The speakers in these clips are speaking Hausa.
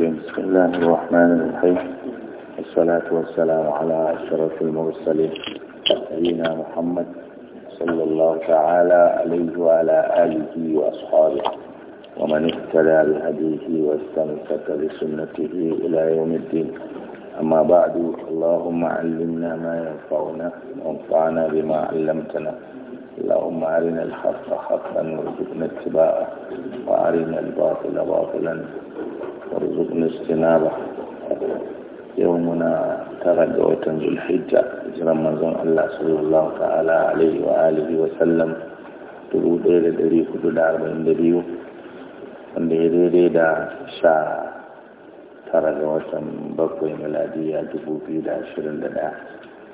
الرجيم بسم الله الرحمن الرحيم والصلاة والسلام على أشرف المرسلين سيدنا محمد صلى الله تعالى عليه وعلى آله وأصحابه ومن اهتدى بهديه واستمسك بسنته إلى يوم الدين أما بعد اللهم علمنا ما ينفعنا وانفعنا بما علمتنا اللهم أرنا الحق حقا وارزقنا اتباعه وأرنا الباطل باطلا وارزقنا اجتنابه يومنا ترى جوتا ذو الحجة جرى منزون الله صلى الله تعالى عليه وآله وسلم dubu ɗaya da ɗari hudu da arba'in da biyu wanda ya daidai da sha tara ga watan bakwai miladiya dubu biyu da ashirin da ɗaya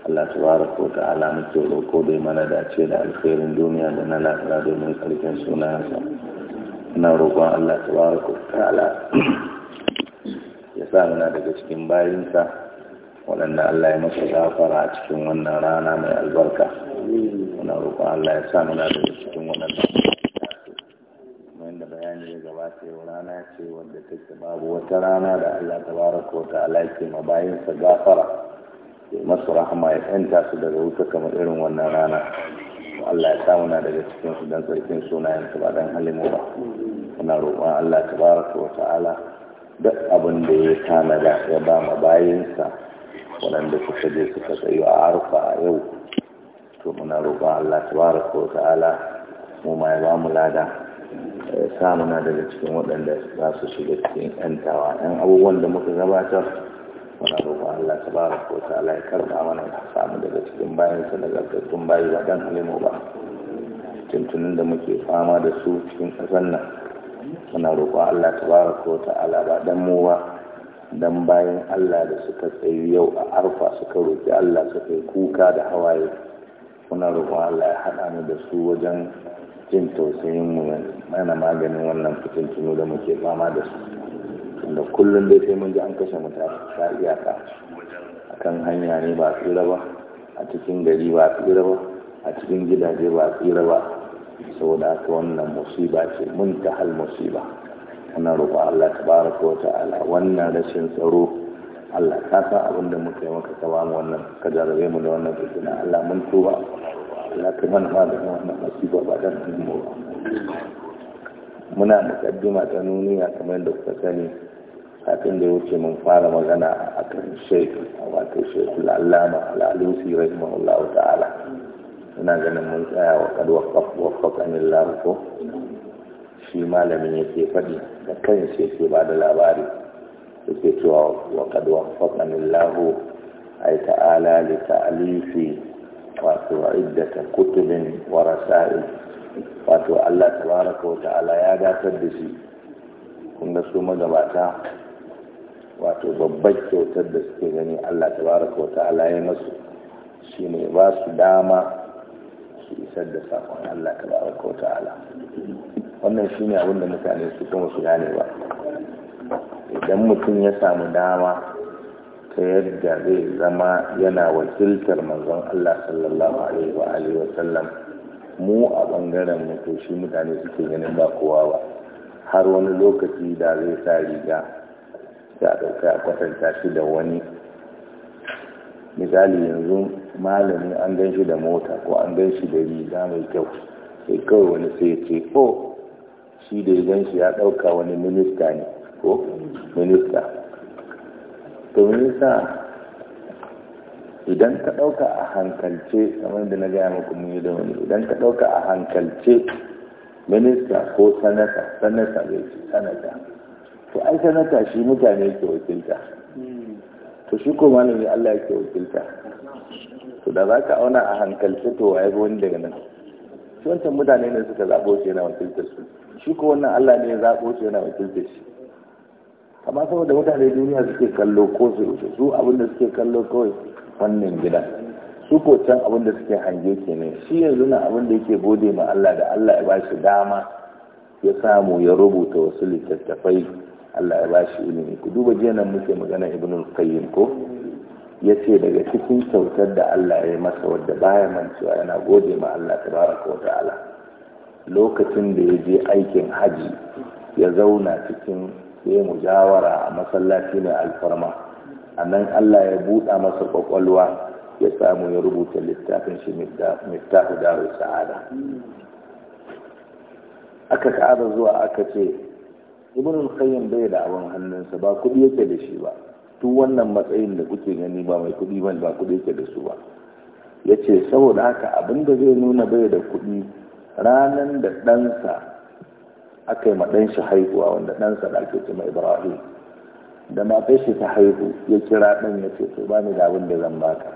Allah tabaraka wa ta'ala ce roko dai mana da ce da alkhairin duniya da na lafiya mai karfin sunayensa ina roƙon Allah tabaraka wa ta'ala ya sa muna daga cikin bayinsa waɗanda Allah ya masa gafara a cikin wannan rana mai albarka Ina roƙon Allah ya sa muna daga cikin waɗanda da bayani ya gabata yau rana ce wadda take babu wata rana da Allah tabaraka wa ta'ala ke bayinsa gafara masu rahama ya yanta su daga wuta kamar irin wannan rana Allah ya samu na daga cikin su tsarkin sarkin sunayen su ba dan mu ba muna roƙon Allah tabaraka wa ta'ala duk abin da ya tanada ya ba ma bayinsa waɗanda suka je suka tsayo a arfa a yau to muna roƙon Allah tabaraka wa ta'ala mu ma ya ba mu lada samuna daga cikin waɗanda za su shiga cikin 'yantawa 'yan abubuwan da muka gabatar muna roƙon Allah ta ko ta Allah ya karɓa mana ya samu daga cikin bayan sa daga tattun bayi ba dan halimu ba tuntunin da muke fama da su cikin ƙasar nan muna roƙon Allah ko ta Allah ba dan mu ba dan bayan Allah da suka tsayi yau a arfa suka roƙi Allah suka yi kuka da hawaye muna roƙon Allah ya haɗa mu da su wajen jin tausayin mu mana maganin wannan fitintunu da muke fama da su tunda kullum dai sai mun ji an kashe mutane ta iyaka a kan hanya ne ba tsira ba a cikin gari ba tsira ba a cikin gidaje ba tsira ba saboda haka wannan musiba ce mun ta hal musiba ana roƙo Allah ko ta ta'ala wannan rashin tsaro Allah ka san abin da muka yi maka ka ba mu wannan ka jarabe mu da wannan fitina Allah mun tuba Allah ka mana ma da wannan musiba ba dan mu muna mukaddima ta nuniya kamar da kuka sani kafin da ya mun fara magana a kan a wato shekul allama al'alusi rahimahullah ta'ala ina ganin mun tsaya wa kad waffaqanil lahu ko shi malamin yake faɗi da kan yake ba da labari yake cewa wa kad waffaqanil lahu ay ta'ala li ta'alifi wato iddata kutubin wa rasail wato Allah tabaraka wa ta'ala ya datar da shi kun da su magabata wato babbar kyautar da suke gani Allah Ta-baraka wa ta'ala ya masu ne ba su dama su isar da safon Allah baraka wa ta'ala wannan shine abin da mutane su kuma su gane ba idan mutum ya samu dama ta yadda zai zama yana wakiltar manzon Allah sallallahu alaihi wa alihi wa sallam mu a bangaren mu shi mutane suke ganin ba kowa ba har wani lokaci da zai sa riga za a ɗauka a kwatanta shi da wani misali yanzu malami an gan shi da mota ko an gan shi da riga mai kyau sai kawai wani sai ya ce ko oh, shi da gan shi ya ɗauka wani minista ne ko minista to minista idan ka ɗauka a hankalce kamar da na gaya muku mun yi da wani idan ka ɗauka a hankalce minista ko sanata sanata zai ce sanata to ai sanata shi mutane ke wakilta to shi ko malami Allah ke wakilta to da za ka auna a hankalci to waye wani daga nan shi wancan mutane ne suka zaɓo shi yana wakilta su shi ko wannan Allah ne ya zaɓo shi yana wakilta shi amma saboda mutane duniya suke kallo ko su su abin da suke kallo kawai wannan gida su ko can abin da suke hange ke ne shi yanzu na abin da yake gode ma Allah da Allah ya ba shi dama ya samu ya rubuta wasu littattafai Allah ya ba shi ilimi ku duba jiya nan muke magana ibnul qayyim ko yace daga cikin kyautar da Allah ya masa wadda baya mancewa yana gode ma Allah tabaraka wa ta'ala lokacin da ya je aikin haji ya zauna cikin sai mujawara a masallaci mai alfarma a nan Allah ya buɗa masa ƙwaƙwalwa ya samu ya rubuta littafin shi mittahu daru sa'ada aka ka'ada zuwa aka ce ibn al-qayyim bai da abin hannunsa ba kudi yake da shi ba duk wannan matsayin da kuke gani ba mai kudi ba ba kudi yake da su ba yace saboda haka abin da zai nuna bai da kudi ranan da ɗansa aka yi ma ɗan shi haihuwa wanda ɗansa da ake cewa ibrahim da matar shi ta haihu ya kira ɗan ya ce to ba ni da abin da zan baka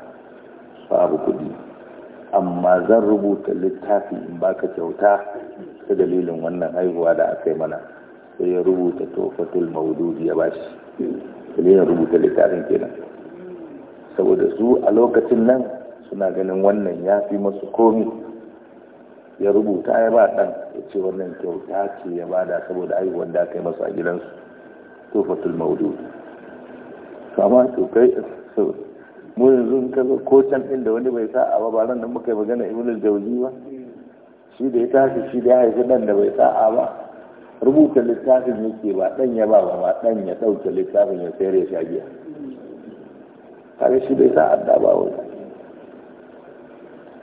babu kudi amma zan rubuta littafi in baka kyauta ta dalilin wannan haihuwa da aka yi mana sai ya rubuta tofatul maududi ya bashi sai ya rubuta littafin kenan saboda su a lokacin nan suna ganin wannan ya fi masu komi ya rubuta ya ba dan ya ce wannan kyauta ce ya bada saboda aiwuwan da aka yi masu a gidansu tofatul maududi kama to kai mu yanzu ka zo ko can inda wani bai sa a ba nan da muka yi magana ibn al-jawzi ba shi da ya tashi shi da ya haifi nan da bai sa'a ba rubuta littafin yake ba dan ya ba ba dan ya dauke littafin ya sayar ya sha kare shi bai sa adda ba wai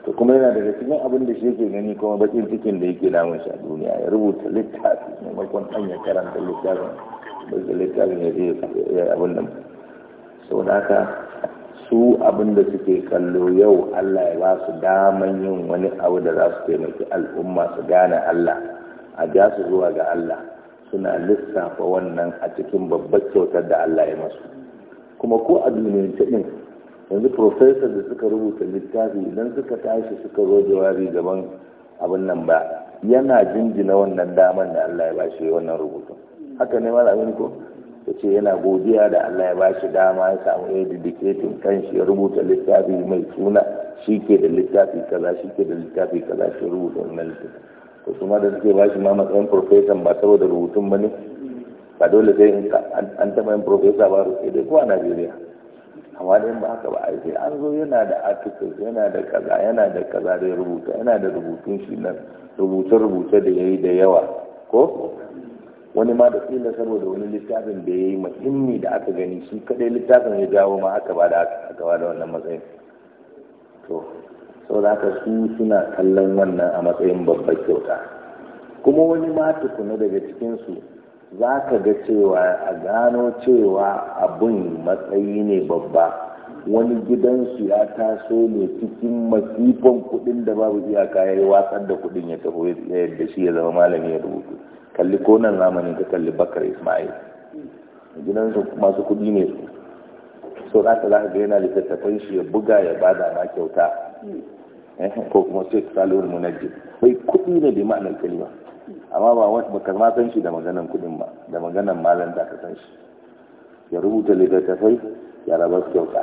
to kuma yana daga cikin abin da shi yake gani kuma bakin cikin da yake namun shi a duniya ya rubuta littafi maimakon dan ya karanta littafin da littafin ya je abin nan sau da haka su abin da suke kallo yau Allah ya ba su daman yin wani abu da za su taimaki al'umma su gane Allah a ja su zuwa ga Allah suna lissafa wannan a cikin babbar kyautar da Allah ya masu kuma ko a duniyar din yanzu profesor da suka rubuta littafi idan suka tashi suka zo jawabi gaban abin nan ba yana jinjina wannan damar da Allah ya bashi wannan rubutu. haka ne abin ko ya ce yana godiya da Allah ya ba shi dama ya samu ya didiketin shi ya rubuta littafi mai suna shi ke da littafi kaza shi ke da littafi kaza shi rubuta wannan littafi to su ma da suke ba shi ma matsayin profesan ba saboda rubutun ba ne ba dole sai in an taɓa yin profesa ba rufe dai ko a najeriya amma dai ba haka ba ai sai an zo yana da articles yana da kaza yana da kaza da rubuta yana da rubutun shi na rubuce-rubuce da ya yi da yawa ko wani ma da kila saboda wani littafin da ya yi muhimmi da aka gani shi kadai littafin ya jawo ma aka ba da aka ba da wannan matsayin to sau da haka su suna kallon wannan a matsayin babbar kyauta kuma wani ma tukuna daga cikinsu za ka ga cewa a gano cewa abun matsayi ne babba wani gidansu ya taso ne cikin masifan kuɗin da babu iyaka ya watsar da kuɗin ya tafi yadda shi ya zama malami ya rubutu kalli ko nan zamanin ka kalli bakar ismail gidansu masu kuɗi ne su so za ka ga yana littattafan shi ya buga ya bada ma kyauta ko kuma sai salihul munajjid bai kuɗi ne bi ma'anar kalima amma ba wani baka ma san shi da maganan kuɗin ba da maganan malam da ka san shi ya rubuta littattafai ya rabar kyauta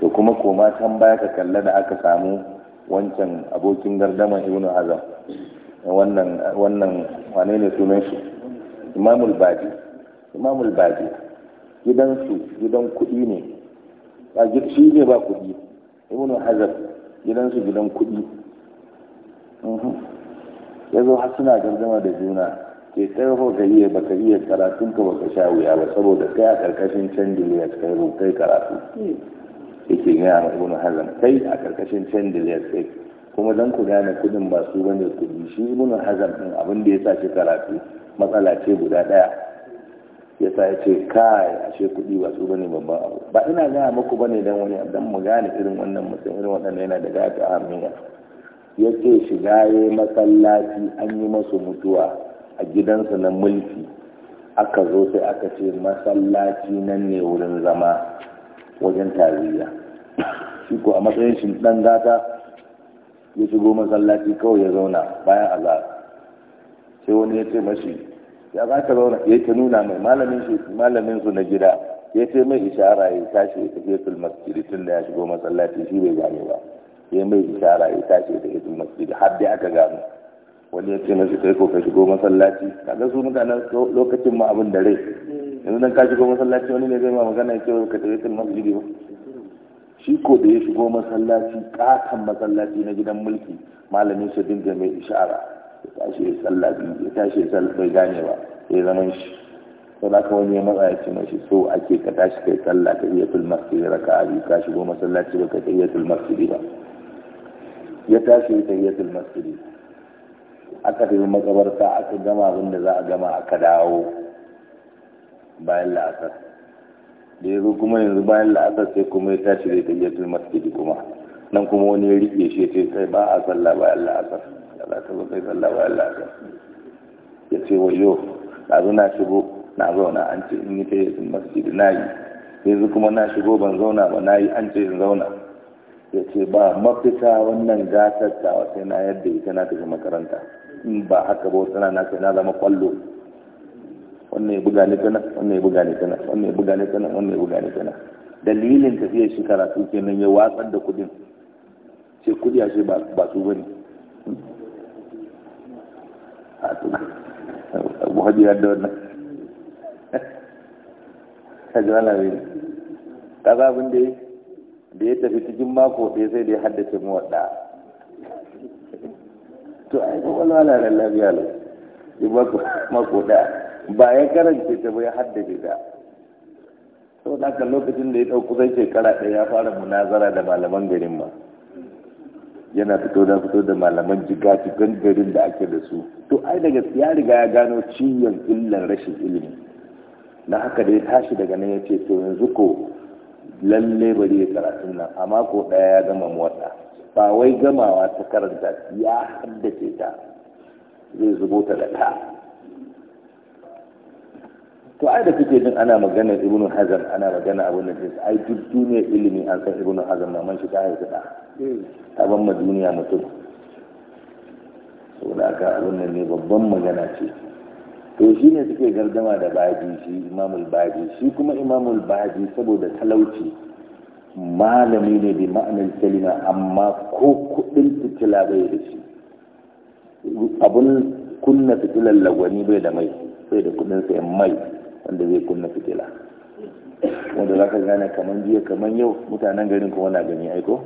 to kuma koma can baya ka kalla da aka samu wancan abokin gardama ibnu azam, wannan wannan wane ne sunan shi imamul badi imamul badi gidansu gidan kuɗi ne gidan shi ne ba kuɗi ibnu hazar gidansu gidan kudi mhm. ya zo har suna gardama da juna ke karfa ka yi ba ka iya karatun ka baka sha wuya ba saboda kai a karkashin can ka kai kai karatu ke gaya ma ibn hazan kai a karkashin can diliyas kai kuma dan ku gane kudin ba su bane kudi shi ibn hazan din abin da ya sa shi karatu matsala ce guda daya ya sa ya ce kai ashe kuɗi ba su bane babban abu ba ina gaya muku bane dan wani dan mu gane irin wannan mutum irin waɗanda yana da gata amina ya ce shiga ya masallaci an yi masu mutuwa a gidansa na mulki aka zo sai aka ce masallaci nan ne wurin zama wajen tariya shi ko a matsayin shi ɗan gata ya shigo masallaci kawai ya zauna bayan azar sai wani ya ce mashi ya za ka zauna ya ta nuna mai malamin shi malamin su na gida ya ce mai ishara ya tashi ya tafi fil masjid tun da ya shigo masallaci shi bai gane ba ya mai ishara ya tashi ya tafi fil masjid har dai aka gano wani ya ce mashi kai ko ka shigo masallaci kaga su mutanen lokacin ma abin da rai yanzu dan ka shigo masallaci wani ne zai ma magana ya ce ka tafi fil masjid ba shi ko da ya shigo masallaci katon masallaci na gidan mulki malamin shi dinga mai ishara ya tashi ya sallah biyu ya tashi ya sallah bai gane ba sai zaman shi to da ka wani ya matsa ya ce mashi so ake ka tashi kai sallah ka iya tulmar su ya raka abi ka shigo masallaci ba ka ta iya tulmar su ba ya tashi ya ta iya tulmar su aka tafi makabarta aka gama abin da za a gama aka dawo bayan la'asar da ya zo kuma yanzu bayan la'asar sai kuma ya tashi da ya ta iya tulmar kuma nan kuma wani ya rike shi ya ce sai ba a sallah bayan la'asar za ta zai kai sallah Allah ka ya ce wayo na zo na shigo na zauna an ce in yi ta yi masjidi na yi yanzu kuma na shigo ban zauna ba na yi an ce in zauna ya ce ba mafita wannan gasar ta sai na yadda ita na tafi makaranta in ba haka ba wata na sai na zama kwallo wannan ya buga ni tana wannan ya buga ni tana wannan ya buga ni tana wannan ya buga ni tana dalilin tafiyar shi karatu kenan ya watsar da kudin ce kudi a shi ba su bane abu hajjiyar da wannan a malami ta zabin da da ya tafi cikin mako ɗaya sai da ya haddace mu wadda to ai ko ala wala la lafiya la ya mako da ba ya karance ta ba ya haddace ta saboda haka lokacin da ya kusan ɗaya ya fara munazara da malaman garin ma yana fito da fito da malaman jiga cikin garin da ake da su to ai daga ya riga ya gano ciyon illan rashin ilimi na haka da ya tashi daga nan ya ce to yanzu ko lalle bari ya karatun nan amma ko ɗaya ya gama motsa ba wai gamawa ta karanta ya haddace ta zai zubo ta da ta to ai da kuke jin ana magana ibnu hazan ana magana abin da ke ai duk duniya ilimi an san ibnu hazan man shi ta haifi da ta ban ma duniya mutum da aka abin nan ne babban magana ce to shi ne suke gardama da baji shi imamul baji shi kuma imamul baji saboda talauci malami ne bi ma'anar kalima amma ko kudin fitila bai da shi abun kunna fitilar lagwani bai da mai sai da kudin sayan mai wanda zai kunna fitila wanda za ka gane kamar jiya kamar yau mutanen garin kuma na gani aiko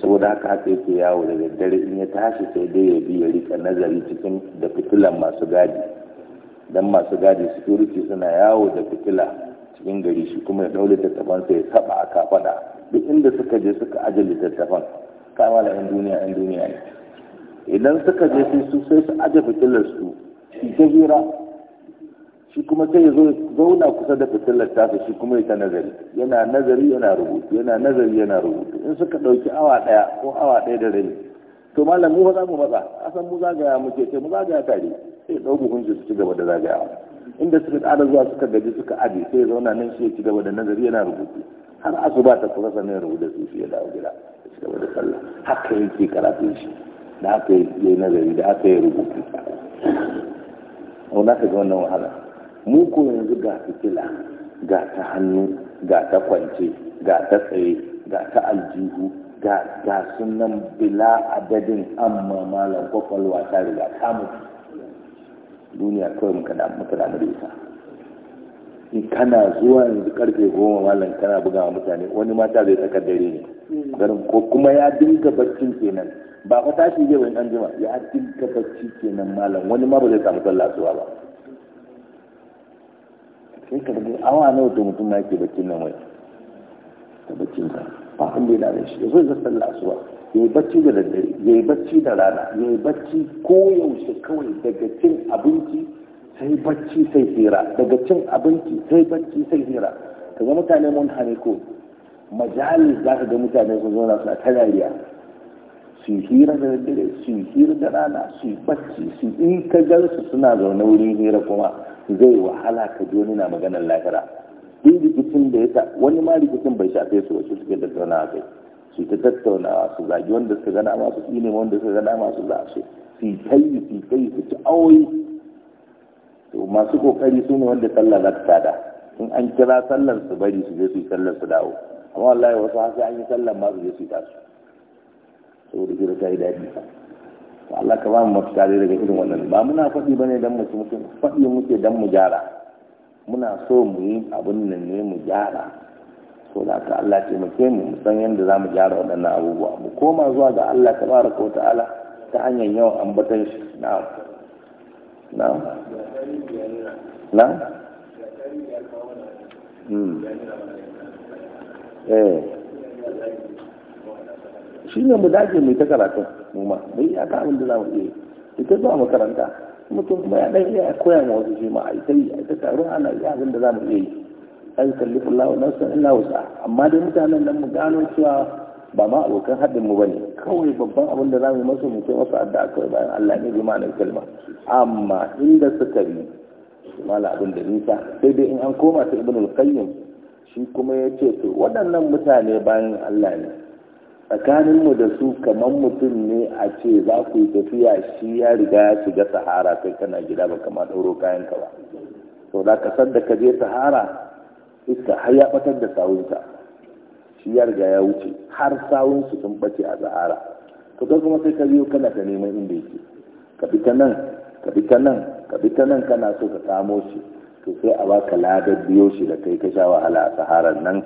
saboda haka haka yake yawo da daddare in ya tashi sai dai ya biya rika nazari cikin da fitilan masu gadi dan masu gadi security suna yawo da fitila cikin gari shi kuma ya daure littattafan sai ya saba a kafada duk inda suka je suka ajiye littattafan kama da yan duniya yan duniya ne idan suka je sai su sai su aje fitilar su ta shi kuma sai ya zo zauna kusa da fitilar tafi shi kuma ya ta nazari yana nazari yana rubutu yana nazari yana rubutu in suka ɗauki awa ɗaya ko awa ɗaya da rai to malam mu za mu matsa asan mu zagaya mu ce mu zagaya tare sai ɗau buhun su ci gaba da zagayawa inda suka tsada zuwa suka gaji suka aje sai ya zauna nan shi ya ci gaba da nazari yana rubutu har asuba ta kusa sannan ya rubuta su shi ya dawo gida ya ci gaba da sallah haka yake karatun shi da haka ya nazari da haka ya rubutu wanda ka ga wannan wahala mu ko yanzu ga fitila ga ta hannu ga ta kwance ga ta tsaye ga ta aljihu ga ga sunan bila adadin amma malam kwakwalwa ta riga ta mutu duniya kawai muka da muka da ita in kana zuwa yanzu karfe goma malam kana buga wa mutane wani mata zai tsakar dare ne garin ko kuma ya dinga baccin kenan ba ku tashi zai wani anjima ya dinga bacci kenan malam wani ma ba zai samu sallah zuwa ba sai ka ga awa nawa wata mutum yake baccin nan wai ta baccin sa ba an bai da shi zo zai sallah ya yi bacci da daddare ya yi bacci da rana ya yi bacci ko yaushe kawai daga cin abinci sai bacci sai hira daga cin abinci sai bacci sai hira ga mutane mun hane ko majalis za ka ga mutane sun zauna su a tarariya su hira da dare su hira da rana su bacci su in ka ga su suna zaune wurin hira kuma zai wahala ka ji wani na maganar lahira duk rikicin da ya sa wani ma rikicin bai shafe su wasu suke zauna kai su ta tattaunawa su zagi wanda suka gana masu su wanda suka gana masu za su su yi kai su kai su ci awoyi to masu kokari su ne wanda sallah za ta da in an kira sallar su bari su je su yi sallar su dawo amma wallahi wasu hasi an yi sallar ma su je su yi tasu saboda jira ta yi daɗi to Allah ka ba mu mafita daga irin wannan ba muna faɗi bane dan mu mutu faɗi muke dan mu gyara muna so mu yi abin nan ne mu gyara so da ka Allah taimake mu mu san yadda za mu gyara waɗannan abubuwa mu koma zuwa ga Allah tabaraka wa ta'ala ta hanyar yawan ambatan shi na'am na na hmm. eh. shi ne mu dage mai ta karatun mu ma mu yi aka abin da za mu iya ita zuwa makaranta mutum kuma ya ɗan iya koya ma wasu shi ma a ita yi a ita taro ana iya abin da za mu iya yi Ɗan kalli kullawa na sun ina wasa amma dai mutanen nan mu gano cewa ba ma abokan haɗin mu bane kawai babban abin da zamu masu mu kai musu addu'a kawai bayan Allah ne bi ma'anar kalma amma inda suka bi mala abin da nisa sai dai in an koma ta ibnul qayyim shi kuma ya ce to waɗannan mutane bayan Allah ne tsakanin mu da su kamar mutum ne a ce za ku yi tafiya shi ya riga ya shiga sahara kai kana gida ba kama ɗauro kayan ka ba to da ka da ka je sahara iska har ya batar da sawunta shi ya ya wuce har sawun su sun bace a zahara to kai kuma sai ka biyo kana ka neman inda yake ka bi ta nan ka bi ta nan ka bi ta nan kana so ka samo shi to sai a baka ladar biyo shi da kai ka sha wahala a saharar nan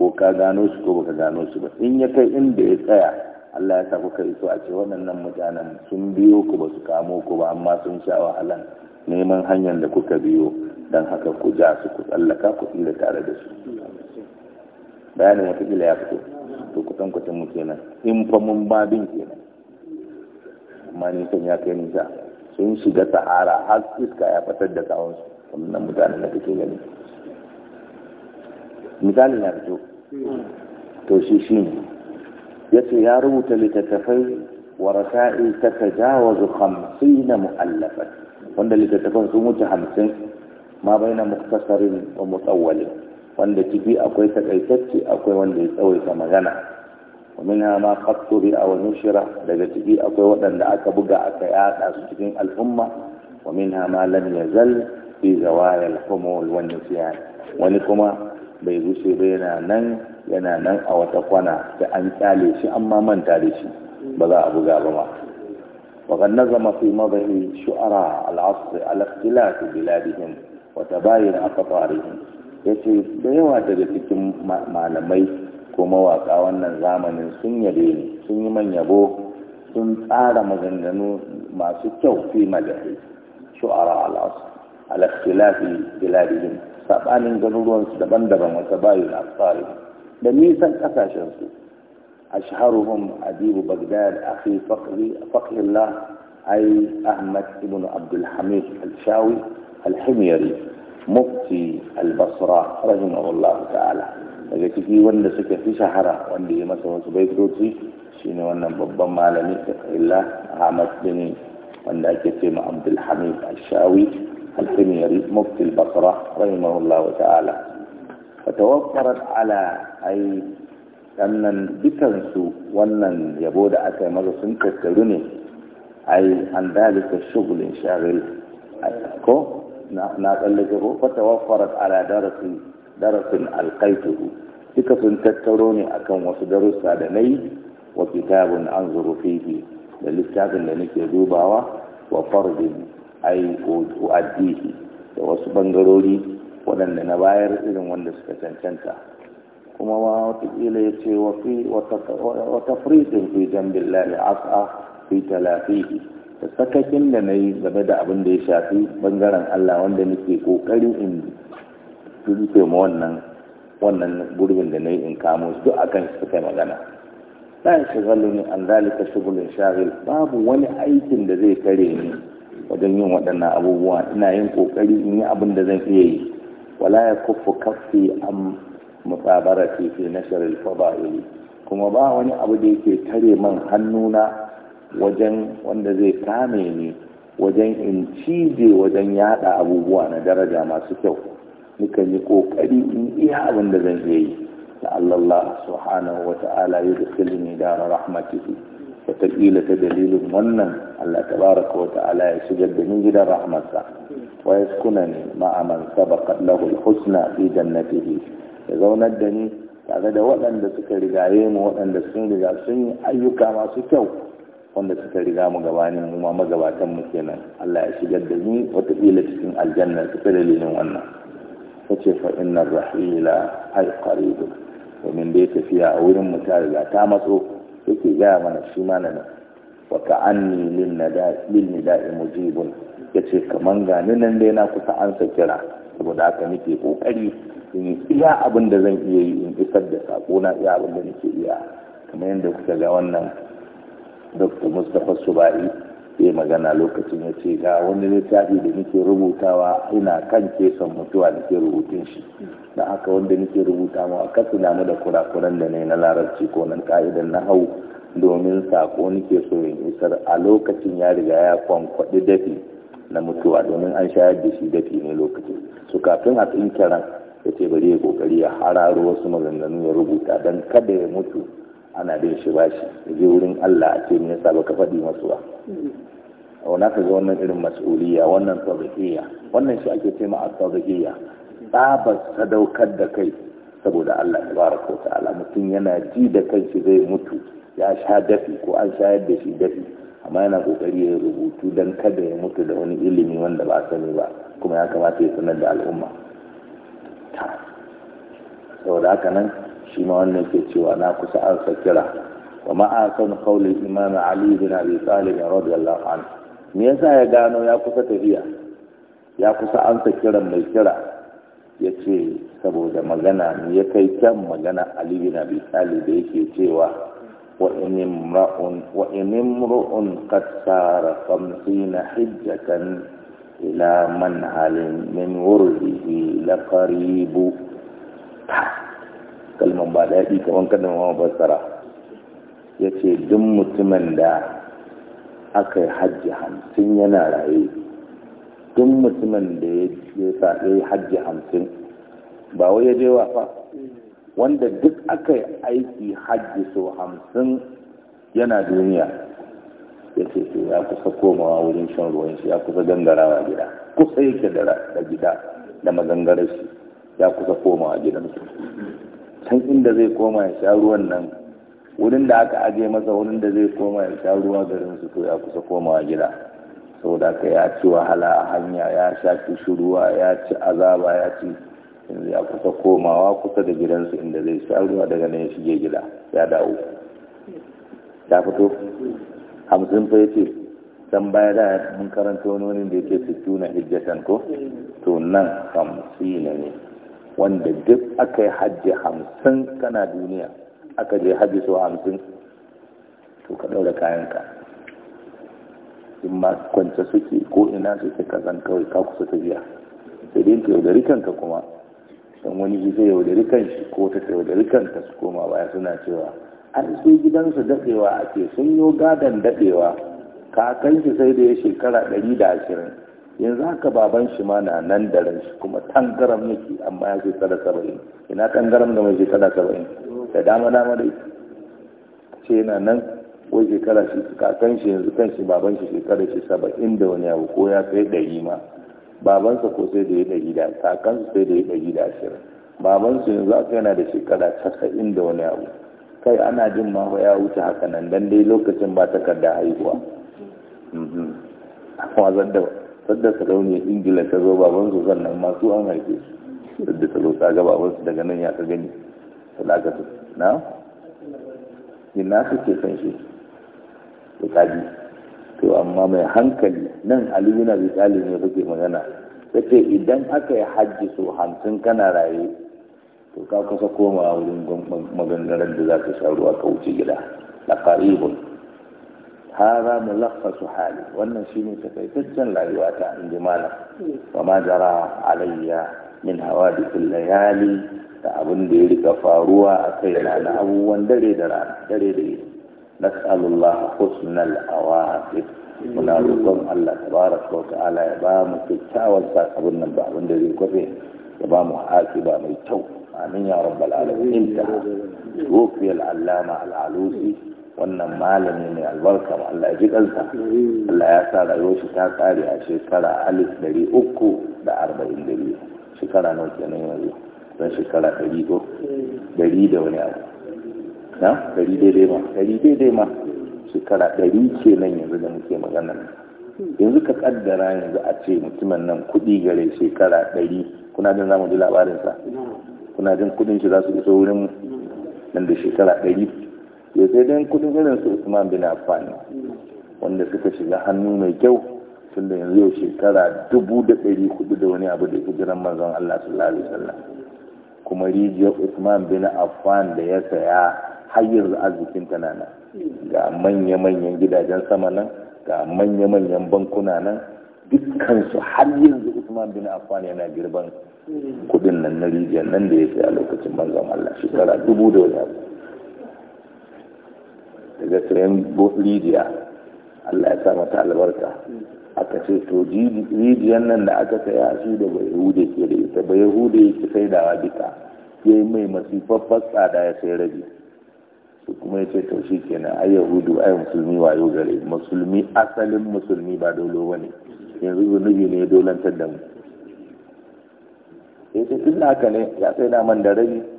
ko ka gano shi ko baka gano shi ba in ya kai inda ya tsaya Allah ya sa kuka iso a ce waɗannan mutanen sun biyo ku ba su kamo ku ba amma sun sha wahalan neman hanyar da kuka biyo don haka ku ja su ku tsallaka ku tsira tare da su bayanin kila ya fito to kusan kusan mu kenan in fa mun babin kenan amma nisan ya kai nisa sun shiga sahara har iska ya fitar da su wannan mutanen da kake gani misalin na fito to shi shi ne ya ce ya rubuta littattafai wa rasa'i ta tajawazu hamsin na mu'allafat wanda littattafan sun wuce hamsin ma bai na muktasarin wa mutsawalin wanda ciki akwai takaitacce akwai wanda ya tsawaita magana ومنها ما a طبع ونشر daga ciki akwai waɗanda aka buga aka yada su cikin al'umma ومنها ما لم يزل في زوايا الحمول والنسيان wani kuma bai gushe ba yana nan yana nan a wata kwana da an kyale shi amma manta da shi ba za a buga ba ma وقد نظم في مضه شعراء العصر على اختلاف بلادهم وتباين أقطارهم yace da yawa daga cikin malamai ko mawaƙa wannan zamanin sun yabe ni sun yi man yabo sun tsara maganganu masu kyau fi madahai shu'ara al'asu ala ikhtilafi biladihim sabanin garuruwan su daban-daban wata bayu na tsari da nisan kasashen su ashharuhum adibu bagdad akhi faqri faqrillah ay ahmad ibn abdul al-shawi al-himyari mufti al-basra rahimahullahu ta'ala daga ciki wanda suka fi shahara wanda ya masa wasu baitoci shine wannan babban malami illa Ahmad bin wanda ake ce ma Abdul Al-Shawi al mufti al-basra rahimahullahu ta'ala fatawaffarat ala ai sannan dukansu wannan yabo da aka yi masa sun tattaru ne ai an dalika shugulin shagil ko na tsallake ko fata wafarat ala darasin darasin alkaituhu duka sun tattaro ne akan wasu darussa da na yi wa kitabun an zuru fihi da littafin da nake dubawa wa fardin ai addihi da wasu bangarori waɗanda na bayar irin wanda suka cancanta kuma ma watakila ya ce wa tafritin fi jambin lalai as'a fi talafihi da sakakin da na yi game da abin da ya shafi bangaren Allah wanda nake kokarin in rufe ma wannan wannan gurbin da na yi in kamo su akan su kai magana la yashghalu ne an zalika shugulin shahil babu wani aikin da zai kare ni wajen yin waɗannan abubuwa ina yin kokari in yi abin da zan iya yi wala ya kaffi am musabarati fi nashr al-fada'il kuma ba wani abu da yake tare man hannuna wajen wanda zai kame ni wajen in cije wajen yada abubuwa na daraja masu kyau nukan yi kokari in iya abin da zan yi da Allah subhanahu wa ta'ala ya dukkan da rahmatihi wataƙila ta dalilin wannan Allah tabaraka wa ta'ala ya shigar da ni gidan rahmarsa wa yaskuna ni ma'a man sabaqa lahu husna fi jannatihi ya zaunar da ni tare da waɗanda suka rigaye mu waɗanda sun riga sun yi ayyuka masu kyau wanda suka riga mu gabanin mu ma magabatan mu kenan Allah ya shigar da ni wataƙila cikin aljanna su ta dalilin wannan sace fa inna rahila ai qaribu domin dai tafiya a wurin mu ta riga ta matso yake gaya mana shi mana nan wa ka'anni lin nida'i mujibun yace kaman ga ni nan dai na kusa ansa kira saboda haka nake kokari in iya abin da zan iya yi in isar da sako na iya abin da nake iya kamar yadda kuka ga wannan dr mustapha suba'i ya magana lokacin ya ce ga wani littafi da nake rubutawa ina kan kesan mutuwa da ke rubutun shi da haka wanda nake rubuta mu a kasu damu da kurakuran da ne na larabci ko nan ka'idan na hau domin sako nake so in isar a lokacin ya riga ya kwankwaɗi dafi na mutuwa domin an shayar da shi dafi ne lokacin su kafin a tsinkiran ya ce bari ya kokari ya hararo wasu maganganu ya rubuta don kada ya mutu ana bin shi bashi shi je wurin Allah a ce me yasa baka faɗi masu ba hmm. wannan ka ga wannan irin masuliya wannan sadaqiyya wannan shi ake a a sadaqiyya tsabar sadaukar da kai saboda Allah bara ko ta'ala mutum yana ji da kai shi zai mutu ya sha dafi ko an shayar da shi dafi amma yana kokari ya rubutu dan kada ya mutu da wani ilimi wanda ba sani ba kuma ya kamata ya sanar da al'umma saboda haka nan shi ma wannan ke cewa na kusa an kira wa san kaulin imam ali bin abi talib radiyallahu anhu me yasa ya gano ya kusa tafiya ya kusa an kiran mai kira yace saboda magana ya kai kyan magana ali bin abi talib da yake cewa wa وإن ru'un قد سار خمسين ila man halin min wurdihi laqaribu kalman ba daɗi kamar kada ma fassara ya ce duk mutumin da aka yi hajji hamsin yana raye duk mutumin da ya yi hajji hamsin ba wai ya je wa fa wanda duk aka yi aiki hajji so hamsin yana duniya ya ce to ya kusa komawa wurin shan ruwan shi ya kusa gangarawa gida kusa yake da gida da mazangarar shi ya kusa komawa gidansu can inda zai koma ya sha ruwan nan wurin da aka aje masa wurin da zai koma ya sha ruwa garin su to ya kusa komawa gida saboda ka ya ci wahala a hanya ya sha shuruwa ya ci azaba ya ci yanzu ya kusa komawa kusa da gidansu inda zai sha ruwa daga nan ya shige gida ya dawo ya fito hamsin fa ya ce dan baya da mun karanta wani da yake fituna hijjatan ko to nan hamsin ne wanda duk aka yi hajji hamsin kana duniya aka je hajji sau hamsin to ka ɗaura kayanka in ma kwance suke ko ina suke kazan kawai ka kusa tafiya sai dai ka yaudari kanka kuma don wani shi zai yaudari kanshi ko ta ta yaudari kanta su koma baya suna cewa an su gidansu daɗewa ake sun yi gadon daɗewa kakan shi sai da ya shekara ɗari da ashirin yanzu haka baban shi ma na nan da ran shi kuma tangaram yake amma ya tsada saba'in ina tangaram da mai shekara saba'in da dama dama da ce yana nan wai shekara shi kakan shi yanzu kan shi baban shi shekara shi saba'in da wani abu ko ya kai ɗari ma babansa ko sai da ya ɗari da kakansa sai da ya ɗari da ashirin babansa yanzu aka yana da shekara casa'in da wani abu kai ana jin ma ya wuce haka nan dan dai lokacin ba takarda haihuwa. Mhm. Wazan da sadda sarauniyar ingila ta zo baban su sannan masu an haife su sadda ta zo ta ga baban su daga nan ya ka gani ta na ina kake son shi to kaji to amma mai hankali nan aliyu na bisali ne kuke magana ta ce idan aka yi hajji so hamsin kana raye to ka kusa komawa wurin maganganar da za ka sha ruwa ka wuce gida la qaribun hara mulakhasu hali wannan shine takaitaccen rayuwa ta anjima malam wa ma alayya min bikin layali da abin da ya rika faruwa a kai na abubuwan dare da rana dare da yini nas'alullah husnal awaqib muna roƙon Allah tabaraka wa ta'ala ya ba mu kyakkyawan sakabin nan ba abin da zai kwafe ya ba mu ba mai kyau amin ya rabbal alamin inta wufiyal allama al-alusi wannan malami mai albarka ba Allah ya ji kansa Allah ya sa rayuwar shi ta kare a shekara alif dari uku da arba'in da biyu shekara nawa kenan yanzu don shekara ɗari ko ɗari da wani abu na ɗari daidai ma ɗari daidai ma shekara ɗari kenan yanzu da muke magana yanzu ka kaddara yanzu a ce mutumin nan kuɗi gare shekara ɗari kuna jin za mu ji labarinsa kuna jin kuɗin shi za su iso wurin nan da shekara ɗari yau sai dan kudin irin su Usman bin Affan wanda suka shiga hannu mai kyau tun da yanzu shekara dubu da ɗari hudu da wani abu da ke jiran manzon Allah sallallahu alaihi wasallam kuma rijiyar Usman bin Affan da ya saya har yanzu arzikin tana nan ga manya-manyan gidajen sama nan ga manya-manyan bankuna nan dukkansu har yanzu Usman bin Affan yana girban kudin nan na rijiyar nan da ya saya lokacin manzon Allah shekara dubu da wani abu daga sayan lidiya Allah ya sa mata albarka aka ce to rijiyar nan da aka saya su da bai hude ke da ita bai hude ki sai da duka ya yi mai masifaffar tsada ya sai rabi su kuma ya ce to shi ke na ai yahudu ai musulmi wayo gare musulmi asalin musulmi ba dole wani yanzu zunubi ne ya dolantar da mu ya ce tun haka ne ya sai da man da rabi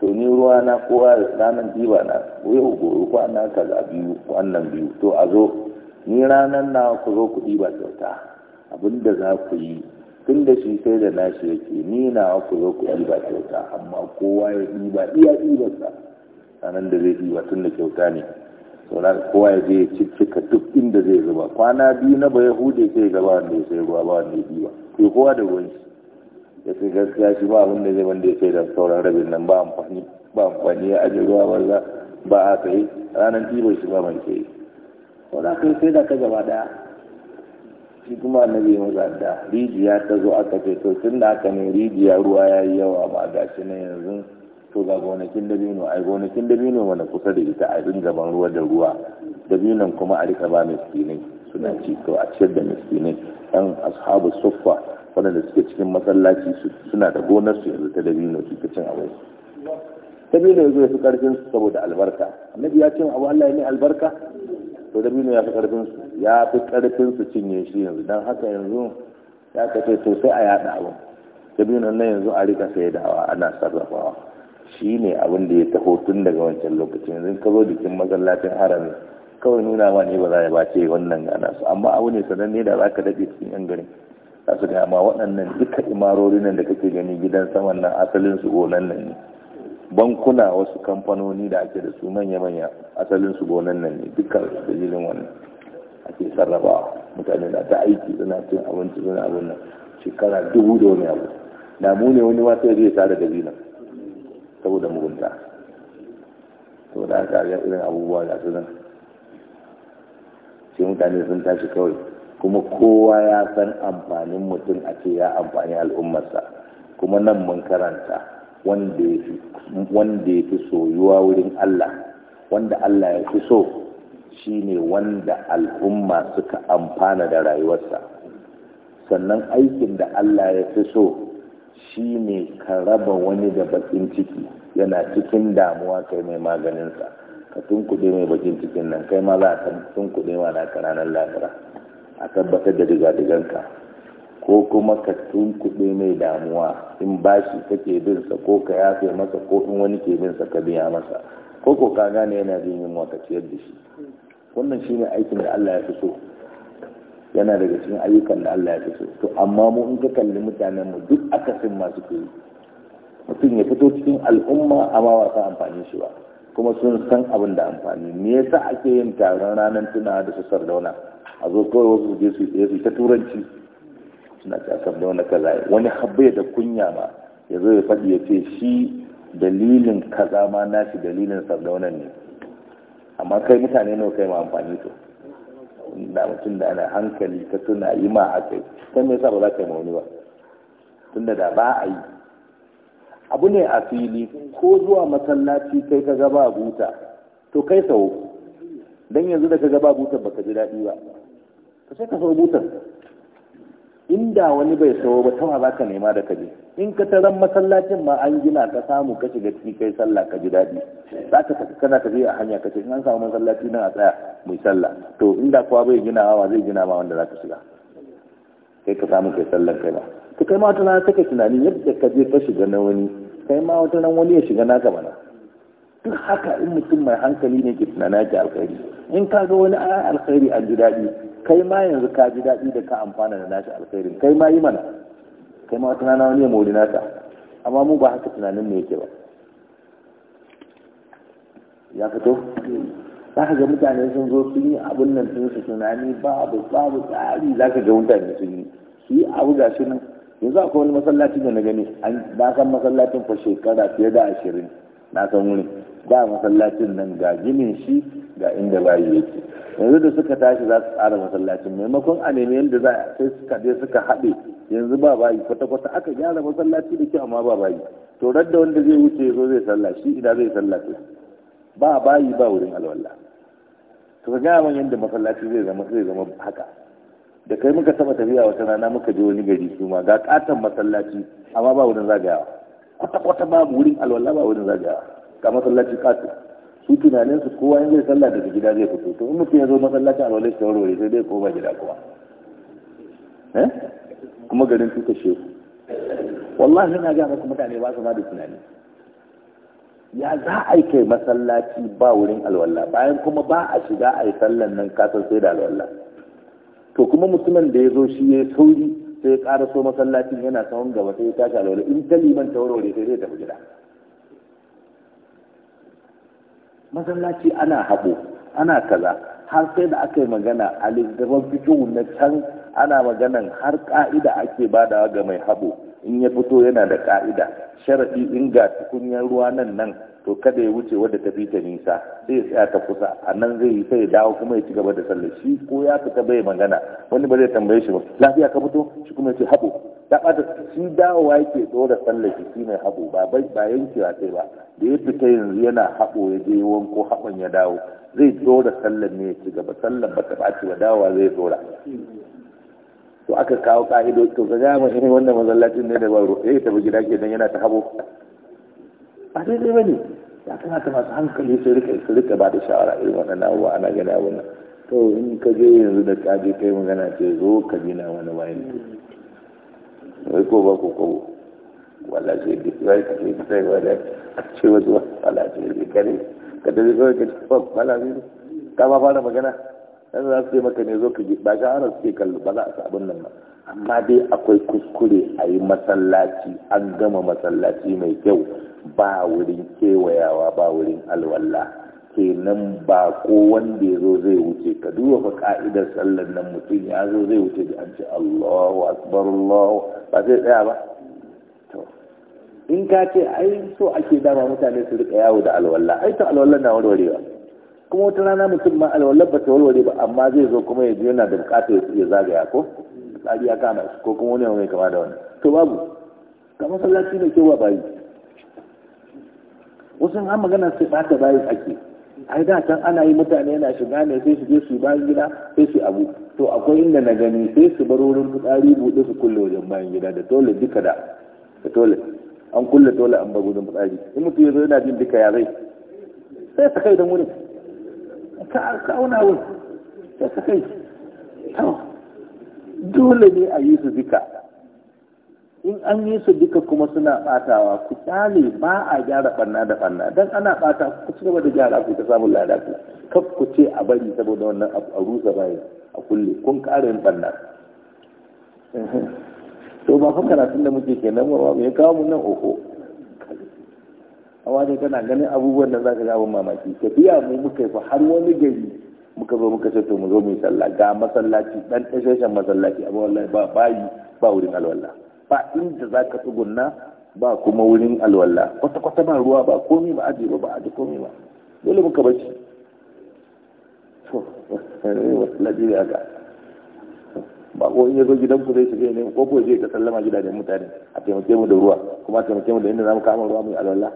to ni ruwa na kowa ranar diba na yau gobe kwana za biyu wannan biyu to a zo ni ranar na ku zo ku diba kyauta abinda za ku yi tun da shi sai da nashi yake ni na ku zo ku diba kyauta amma kowa ya diba iya ɗibarsa ranar da zai diba tun da kyauta ne sauran kowa ya je ciccika duk inda zai zuba kwana biyu na ba hude sai gaba wanda ya sai ruwa ba wanda ya diba kai kowa da wani da gaskiya shi ba abin da zai wanda ya sai da sauran rabin nan ba amfani ba amfani ya ajiye ruwa za ba a kai ranar tibar shi ba man ke yi kai sai da ka gaba daya shi kuma na biyu maza da rijiya ta zo aka ce to tun da aka ne rijiya ruwa ya yi yawa ba ga shi na yanzu to ga gonakin dabino ai gonakin dabino mana kusa da ita a gaban ruwa da ruwa dabinon kuma a rika ba miskinai suna ci to a ciyar da miskinai ɗan ashabu suffa waɗanda suke cikin masallaci suna da gonar su yanzu ta dabino suke cin abin dabino ya zo ya fi karfin su saboda albarka annabi ya cin abu Allah ya ne albarka to dabino ya fi karfin su ya fi karfin su cinye shi yanzu dan haka yanzu ya ka sosai a yada abu dabino na yanzu a rika saidawa ana sarrafawa shi ne abin da ya taho tun daga wancan lokacin yanzu ka zo jikin masallacin harami kawai nuna ma ne ba za ya bace wannan gana amma abu ne sananne da za ka daɗe cikin yan garin a su gama waɗannan duka imarori nan da kake gani gidan saman nan asalin su gonan nan ne bankuna wasu kamfanoni da ake da su manya-manya asalin su gonan nan ne duka dalilin wannan ake sarrafa mutane na ta aiki suna cin abinci suna abin nan shekara dubu da wani abu na mu ne wani wata zai tare da bilan saboda mugunta saboda haka ga irin abubuwa da su nan sai mutane sun tashi kawai kuma kowa ya san amfanin mutum a ce ya amfani al'ummarsa kuma nan mun karanta wanda ya fi soyuwa wurin Allah wanda Allah ya fi so shi ne wanda al'umma suka amfana da rayuwarsa sannan aikin da Allah ya fi so shi ne ka raba wani da bakin ciki yana cikin damuwa kai mai maganinsa ka kuɗe mai bakin cikin nan kai ma za ka kuɗe ma na ƙananan lafira a tabbatar da diga ka ko kuma ka tunkuɗe mai damuwa in bashi kake binsa ko ka yafe masa ko in wani ke binsa ka biya masa ko ko ka gane yana jin yin waka ciyar da shi wannan shi ne aikin da Allah ya fi so yana daga cikin ayyukan da Allah ya fi so to amma mu in ka kalli mutanen mu duk akasin masu ke mutum ya fito cikin al'umma amma ba amfani shi ba kuma sun san abin da amfani me yasa ake yin taron ranar tunawa da su sardauna a zo kawai wasu su je su tsaye su ta turanci suna ta sardauna kaza wani habbe da kunya ma ya zo ya faɗi ya ce shi dalilin kaza ma nashi dalilin sardauna ne amma kai mutane ne kai ma amfani to da mutum da ana hankali ka tuna yi ma haka kai me yasa ba za ka yi ma wani ba tunda da ba a yi abu ne a fili ko zuwa masallaci kai ka gaba buta to kai sau don yanzu da ka gaba butan baka ji daɗi ba ka sai ka sau butar inda wani bai sau ba tawa za ka nema da kaje in ka taron masallacin ma an gina ka samu ka shiga ciki kai sallah ka ji daɗi za ka tafi kana tafiya a hanya ka ce in an samu masallaci nan a tsaya mai sallah to inda kowa bai gina wa zai gina ma wanda za ka shiga kai ka samu kai sallar kai ba to kai ma tana saka tunani yadda ka je ka shiga na wani kai ma wata nan wani ya shiga gaba na duk haka in mutum mai hankali ne ke tunana ki alkhairi in ka ga wani ayan alkhairi an ji daɗi kai ma yanzu ka ji daɗi da ka amfana da nashi alkhairin kai ma yi mana kai ma wata rana wani ya mori naka amma mu ba haka tunanin mu yake ba ya fito za ka ga mutane sun zo sun yi abin nan sun su tunani babu babu tsari za ka ga mutane sun yi su yi abu ga shi nan yanzu akwai wani masallaci da na gani na san masallacin fa shekara fiye da ashirin na san wurin ga masallacin nan ga ginin shi ga inda bayi yake yanzu da suka tashi za su tsara masallacin maimakon a nemi yadda za sai suka je suka haɗe yanzu ba bayi kwata-kwata aka gyara masallaci da kyau amma ba bayi to radda wanda zai wuce zo zai sallah shi idan zai sallah ba bayi ba wurin alwala to ga man yadda masallaci zai zama haka da kai muka taba tafiya wata rana muka je wani gari su ma ga katon masallaci amma ba wurin zagayawa kwata kwata babu wurin alwala ba wurin zagayawa ga masallaci katon su tunanin su kowa in zai sallah daga gida zai fito to in mutum ya zo masallacin alwala shi warware sai dai koma gida kuma eh? kuma garin tuka shehu wallahi na ga muku mutane ba su ma da tunani ya za a yi kai masallaci ba wurin alwala bayan kuma ba a shiga a yi sallan nan kasan sai da alwala to kuma mutumin da ya zo shi ya sauri sai ya ƙara so masallacin yana tsawon gaba sai ya tashi alwala in ta liman ta warware sai zai tafi gida masallaci ana haɓo ana kaza har sai da aka yi magana a littattafan fito na can ana maganan har ƙa'ida ake badawa ga mai haɓo in ya fito yana da ka'ida sharaɗi in ga tukunyar ruwa nan nan to kada ya wuce wadda ta fita ta nisa zai tsaya ta kusa a nan zai yi sai ya dawo kuma ya ci gaba da sallar shi ko ya fita bai magana wani ba zai tambaye shi ba lafiya ka fito shi kuma ya ce haɓo ta ɓata shi dawowa yake ɗora sallar shi shi mai haɓo ba ba yankewa sai ba da ya fita yanzu yana haɓo ya je wanko haɓon ya dawo zai ɗora sallar ne ya ci gaba sallar ba ta ɓaci ba dawowa zai ɗora to aka kawo ka'ido to ka gaya mashi wanda masallacin ne da ba ruwa eh, ya tafi gida ke yana ta habo ba daidai ba ne ya kamata masu hankali su rika su rika ba da shawara irin waɗannan abubuwa ana gani abu nan to in ka je yanzu da ka je kai magana ce zo ka bi na wani bayan wai ko ba ko ko wala ce duk zai ka ce ka sai ba da a ce wasu wala ce ka ne ka tafi kawai ka ce ba wala ne ka ba fara magana yan za su yi maka ne zo ka ba ga su ke kallo ba za a sa nan ba amma dai akwai kuskure a yi masallaci an gama masallaci mai kyau ba wurin kewayawa ba wurin alwallah kenan ba ko wanda ya zo zai wuce ka duba fa ka'idar sallar nan mutum ya zo zai wuce da an ce Allahu akbar Allahu ba zai tsaya ba to in ka ce ai so ake dama mutane su rika yawo da alwallah ai ta alwallah na warwarewa kuma wata rana mutum ma alwallar ba ta warware ba amma zai zo kuma ya yana da bukatar ya zagaya ko tsari ya kama shi ko kuma wani mai kama da wani to babu ga masallaci ne kyau wa bayi wasu an magana sai bata bayi ake ai da can ana yi mutane yana shiga ne sai su je su bayan gida sai su abu to akwai inda na gani sai su bar wurin fitsari buɗe su kulle wajen bayan gida da tole duka da da tole an kulle tole an bar wurin fitsari in mutum ya zo yana jin duka ya zai sai ta kai da wurin. ka auna wai ta kai dole ne a yi su duka in an yi su duka kuma suna batawa ku kyale ba a gyara barna da barna dan ana bata ku ci gaba da gyara ku ta samun lada ku kaf ku ce a bari saboda wannan a rusa bayan a kulle kun yin barna to ba fa karatun da muke kenan ba ya kawo mu nan oho hawa dai kana ganin abubuwan nan za ka ga abin mamaki tafiya mu muka fa har wani gari muka zo muka ce to mu zo mu yi sallah ga masallaci dan tashashen masallaci amma wallahi ba bayi ba wurin alwala ba inda za ka tsugunna ba kuma wurin alwala kwata kwata ba ruwa ba komai ba aje ba ba aje komai ba dole muka bar shi to wallahi ya ga ba ko in yazo gidan ku zai shiga ne ko ko zai ka sallama gidajen mutane a taimake mu da ruwa kuma taimake mu da inda zamu kama ruwa mu alwala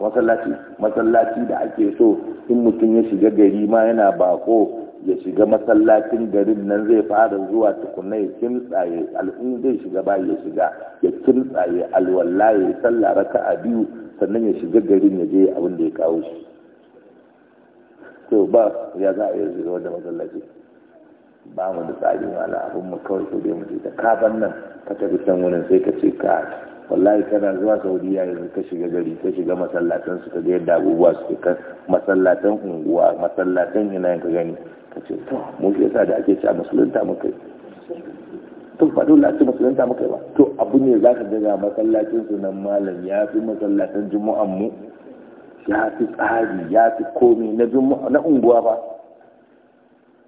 masallaci masallaci da ake so in mutum ya shiga gari ma yana bako ya shiga masallacin garin nan zai fara zuwa tukunna ya kimtsaye al'un zai shiga ba ya shiga ya kimtsaye alwallah ya sallah raka'a biyu sannan ya shiga garin ya je abin da ya kawo shi to ba ya za a yi shiga wanda masallaci ba mu da tsari mala abin mu kawai ko dai mu je da kaban nan ka tafi can wurin sai ka ce ka wallahi kana zuwa saudiya yanzu ka shiga gari ka shiga masallatan su ka ga yadda abubuwa suke kan masallatan unguwa masallatan ina ka gani ka ce to mu ke sa da ake ci a musulunta muka to fa dole ce musulunta muka ba to abu ne zaka ka daga masallacin su nan malam ya fi masallatan juma'an mu ya fi tsari ya fi komai na unguwa ba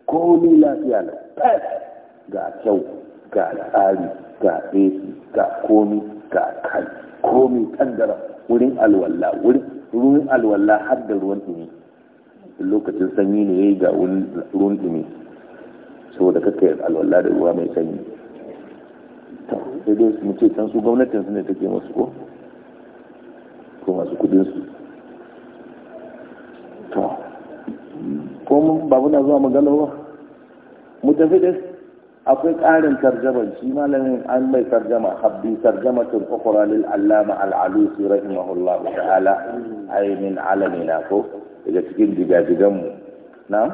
komi lafiya na pes ga kyau ga tsari ga esi ga komi ga kai komi kaddara wurin alwala wurin alwala har da ruwan ɗumi lokacin sanyi ne yayi ga ruwan dumi saboda yi alwallah da ruwa mai sanyi sai dai su mace can su gwamnatin su ne take masu ko ko masu kudin su to ko mun babu na zuwa magana ba متفدس أقول قارن ترجمة شيء ما لم ترجمة خبي ترجمة أخرى للعلامة العلوسي رحمه الله تعالى أي من علمنا فو إذا تكين دجاج دجمو نعم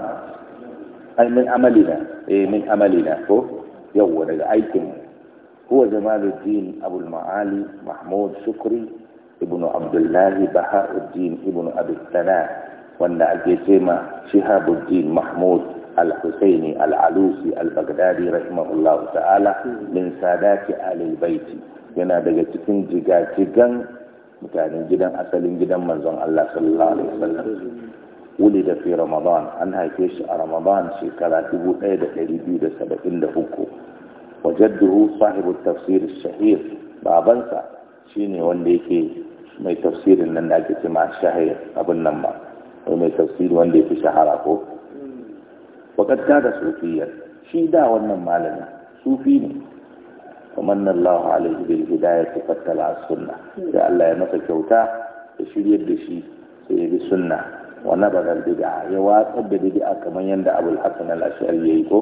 أي من عملنا أي من عملنا فو يوم أيكم هو جمال الدين أبو المعالي محمود شكري ابن عبد الله بهاء الدين ابن أبي الثناء والنعجيسيمة شهاب الدين محمود الحسيني العلوسي البغدادي رحمه الله تعالى من سادات آل البيت yana daga cikin jigajigan mutane gidan asalin gidan manzon Allah sallallahu wuli da fi ramadan an haife shi a ramadan shekara da da 1273 wajadduhu sahibu tafsirin shahir babansa shine wanda yake mai tafsirin nan da ake cewa shahir abin nan ba mai tafsiri wanda ya yake shahara ko وقد كان صوفيا shi da wannan malamin sufi ne kaman Allah alaihi bil hidayah fattala sunna sai Allah ya masa kyauta ya shiryar da shi sai ya bi sunna wa nabada bid'a ya watsar da bid'a kamar yadda Abu hasan al-Ash'ari yayi ko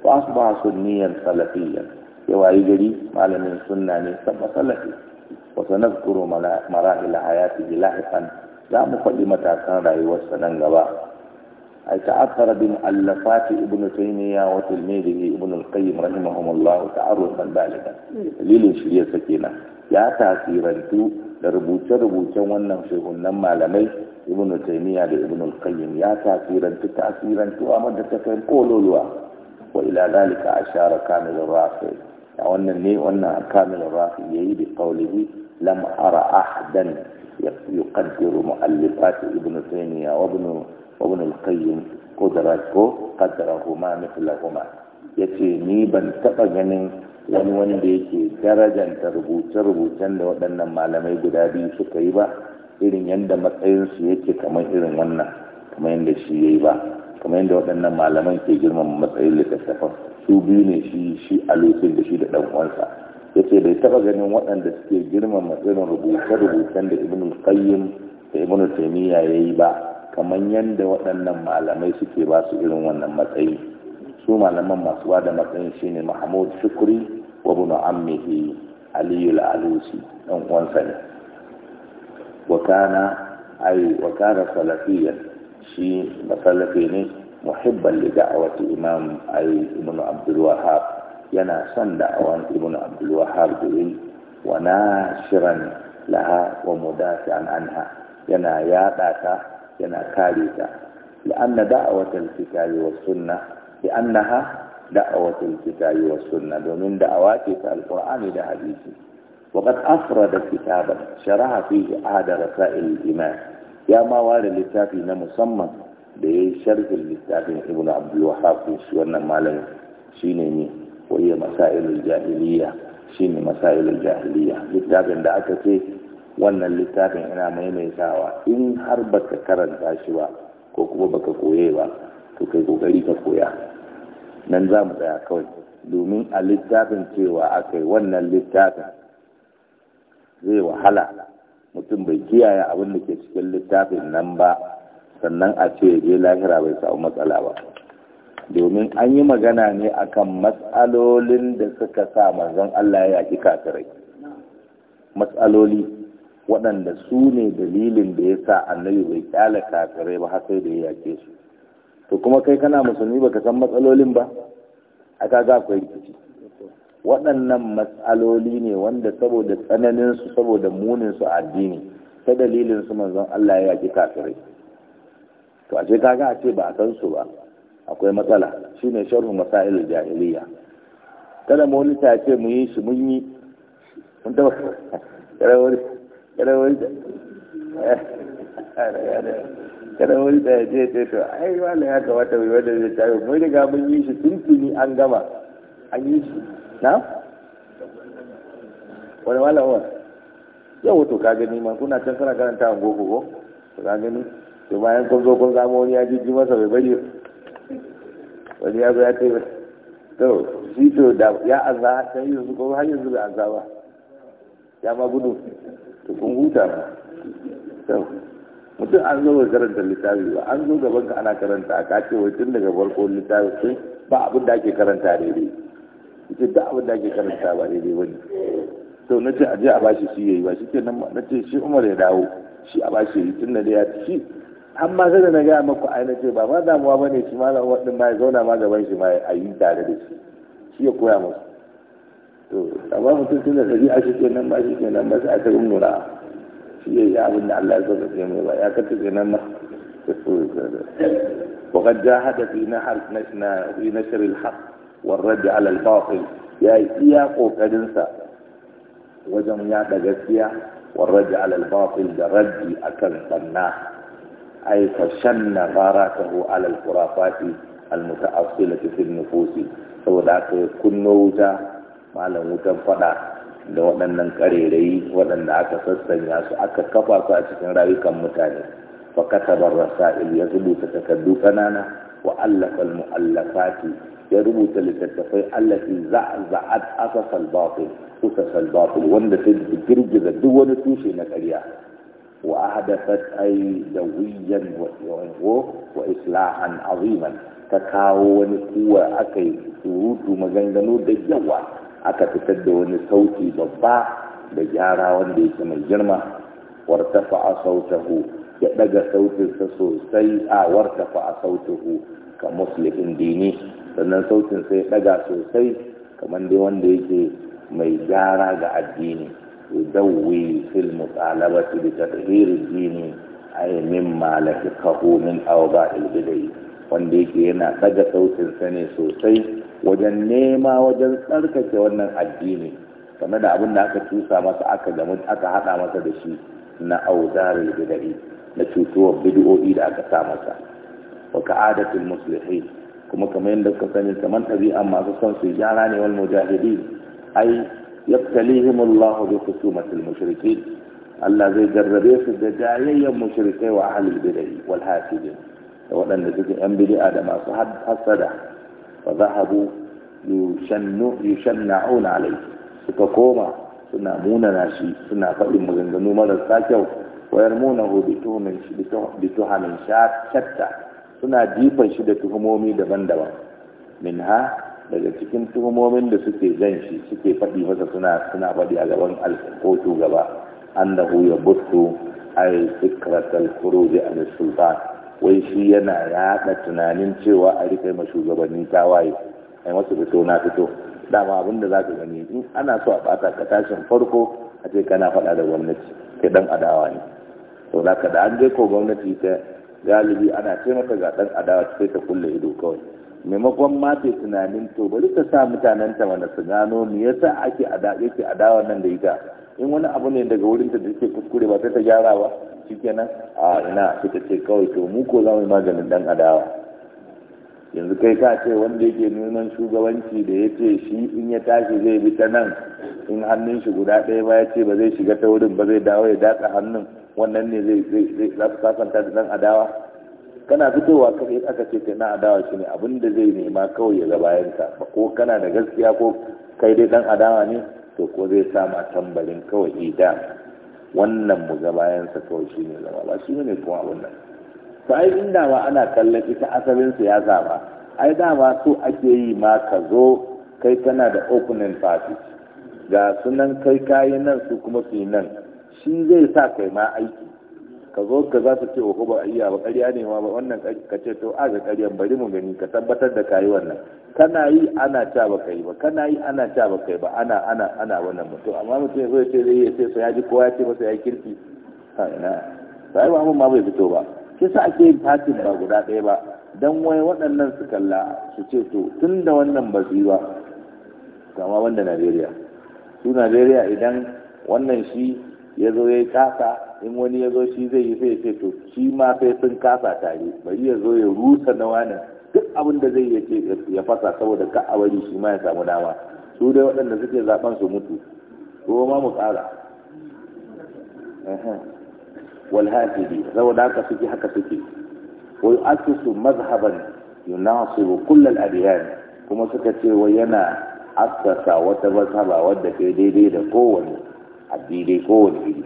fa asbaha sunniyan salafiyan ya wayi gari malamin sunna ne sabba salafi wa sanadkuru marahil hayati lahiqan za mu faɗi matakan rayuwarsa nan gaba تعثر بمؤلفات ابن تيمية وتلميذه ابن القيم رحمهم الله تعرفا بالغا ليش للنشرية سكينة يا تأثيرا تو لربوت ربوت ونم شيخ نما لمي ابن تيمية لابن القيم يا تأثيرا تو تأثيرا تو أمد تفهم قولوا وإلى ذلك أشار كامل الرافعي وأن وأن كامل الرافي بقوله لم أرى أحدا يقدر مؤلفات ابن تيمية وابن ibn al-qayyim qudara ko qadarahuma ya ce ni ban taba ganin wani wanda yake darajanta rubuce-rubucen da waɗannan malamai guda biyu suka yi ba irin yadda matsayinsu yake kamar irin wannan kamar yadda shi ya yi ba kamar yadda waɗannan malaman ke girmama matsayin littattafan su biyu ne shi shi a lokacin da shi da ɗan uwansa ya ce bai taɓa ganin waɗanda suke girmama matsayin rubuce-rubucen da ibn qayyim da ibn taymiya ya yi ba kamar yadda waɗannan malamai suke ba su irin wannan matsayi su malaman masu ba da matsayin shine mahmud shukri wa bin ammihi aliyu al ɗan dan uwansa ne wakana kana ay shi masalafi ne muhibban li da'awati imam ay ibn abdul yana son da'awan ibn abdul wahhab da wa nashiran laha wa mudafi'an anha yana yada ta yana kare ta la'anna da'awatul kitabi was sunna bi annaha da'awatul kitabi was sunna domin da'awa ce ta alqur'ani da hadisi وقد أفرد كتابا شرع فيه أحد رسائل الايمان يا ما وارد للتافي نمسمى بشرح للتافي ابن عبد الوهاب وشوانا مالا شيني وهي مسائل الجاهلية شيني مسائل الجاهلية للتافي دعك فيه wannan littafin ina maimaitawa in har baka karanta shi ba ko kuma baka koye ba to kai kokari ka koya nan za mu tsaya kawai domin a littafin cewa aka yi wannan littafin zai wahala mutum bai kiyaye abin da ke cikin littafin nan ba sannan a ce je lahira bai samu matsala ba domin an yi magana ne akan matsalolin da suka sa manzon Allah ya yaki kafirai matsaloli waɗanda su ne dalilin da ya sa annabi bai kyala kafirai ba har da ya yake su to kuma kai kana musulmi baka san matsalolin ba za ku akwai rikici waɗannan matsaloli ne wanda saboda tsananin su saboda munin su addini ta dalilin su manzon Allah ya yaki kafirai to a ce kaga a ce ba a san su ba akwai matsala shine sharhu masail jahiliya kada mu wani ta ce mu yi shi mun yi mun taba wani kada wanda kada wanda ya je ce to ai wala ya kamata mai wanda zai tafi mun riga mun yi shi tuntuni an gama an yi shi na wani wala wa yau to ka gani ma kuna can kana karanta a goko ko to ka gani to bayan kun zo kun samu wani ya jijji masa bai bari wani ya zo ya ce to shi to da ya azza sai yanzu ko har yanzu bai azza ba ya ma gudu to kun huta ba to mutum an zo ga karanta littafi ba an zo gaban ka ana karanta ka ce wai tun daga farko littafi sun ba abin da ake karanta daidai ita da abin da ake karanta ba daidai ne to na ce a je a bashi shi yayi ba ke nan na ce shi Umar ya dawo shi a bashi yayi tun da ya ci an ma sai da na gaya maku ai na ce ba ma damuwa bane shi malam wadin ma ya zauna ma gaban shi ma a yi tare da shi shi ya koya musu وقد جاهد في نحر في نشر الحق والرد على الباطل يا إيا قوكدنسا وجم يا دغسيا والرد على الباطل درد أكل صناه أي فشن غاراته على الخرافات المتأصلة في النفوس سوداك كنوجا malam wutan fada da waɗannan ƙarerayi waɗanda aka sassanya su aka kafa su a cikin rayukan mutane fa katabar rasa'il ya rubuta takardu kanana wa allafa al-mu'allafati ya rubuta littattafai allati za'at asas al-batil usas al-batil wanda ta girgiza duk wani tushe na ƙarya wa ahdathat ay dawiyan wa islahan aziman ta kawo wani kuwa akai surutu maganganu da yawa aka fitar da wani sauti babba da gyara wanda yake mai girma wartafa a sautahu ya daga sautinsa sosai a wartafa a sautahu ka muslimin dini sannan sautinsa ya daga sosai kamar dai wanda yake mai gyara ga addini يدوي في dini بتطهير الدين أي مما min من أوضاع البدع wanda yake yana ɗaga sautin sa ne sosai wajen nema wajen tsarkake wannan addini kamar da abin da aka tusa masa aka gamu aka hada masa da shi na auzarar bidai na cutuwar bid'o'i da aka sa masa wa ka'adatul muslihin kuma kamar yadda suka sani kamar ɗabi'an masu son su gyara ne wal mujahidi ai yabtalihim Allah bi khusumatil mushrikin Allah zai jarrabe su da jayayyan mushrikai wa ahlul bid'ah wal hasidin wadanda suke yan bid'a da masu hasada فذهبوا يشنعون عليه suka koma suna munana shi suna faɗin maganganu marasa kyau wayar munahu bi tuhamin shatta suna jifan shi da tuhumomi daban-daban minha daga cikin tuhumomin da suke jan shi suke faɗi masa suna suna faɗi a gaban alkotu gaba annahu ya butu ay fikratal khuruj an sultan wai shi yana yaɗa tunanin cewa a rika ma shugabanni tawaye yi masu fito na fito dama abin da za ka gani in ana so a ɓata ka tashin farko a ce kana faɗa da gwamnati kai ɗan adawa ne to da ka da an je ko gwamnati ta galibi ana ce mata ga ɗan adawa sai ta kulle ido kawai maimakon ma ta tunanin to bari ta sa mutanen ta wani su gano me yasa ake adawa nan da ita in wani abu ne daga wurin ta da suke kuskure ba sai ta gyara ba nan a ina sai ta ce kawai to mu ko za mu yi maganin dan adawa yanzu kai ka ce wanda yake neman shugabanci da ya ce shi in ya tashi zai bi ta nan in hannun shi guda ɗaya ba ya ce ba zai shiga ta wurin ba zai dawo ya datsa hannun wannan ne zai za su kasanta da dan adawa kana fitowa kai aka ce kai na adawa shi ne abin da zai nema kawai ya ga bayanka ko kana da gaskiya ko kai dai dan adawa ne to ko zai sama tambarin kawai ida eh, wannan mu ga bayansa kawai shi ne zama ba shi ne kuma abin nan to ai inda ma ana kallon ita asalin siyasa ba ai dama so ake yi ma ka zo kai kana da opening party ga sunan kai kayi nan su kuma su yi nan shi zai sa kai ma aiki ka zo ka za su ce wa kuma iya ba ƙarya ne ma ba wannan ka ce to a ga ƙaryan bari mu gani ka tabbatar da kayi wannan kana yi ana ca ba kai ba kana yi ana ca ba kai ba ana ana ana wannan mutum amma mutum zai ce zai yi sai sa ya ji kowa ya ce masa ya kirki ha ina sai ba mun ma bai fito ba shi sa ake yin fatin ba guda ɗaya ba dan wai waɗannan su kalla su ce to tun da wannan ba su yi ba kama wanda Najeriya su Najeriya idan wannan shi ya zo ya yi kasa in wani ya zo shi zai yi sai ce to shi ma sai sun kasa tare bari ya zo ya rusa na wani duk abin da zai yake ya fasa saboda ka a bari shi ma ya samu dama su dai waɗanda suke zaben su mutu ko ma mu ƙara wal saboda haka suke haka suke ake su mazhaban yunasiru kullal al kuma suka ce wai yana asasa wata mazhaba wadda kai daidai da kowane addini kowane iri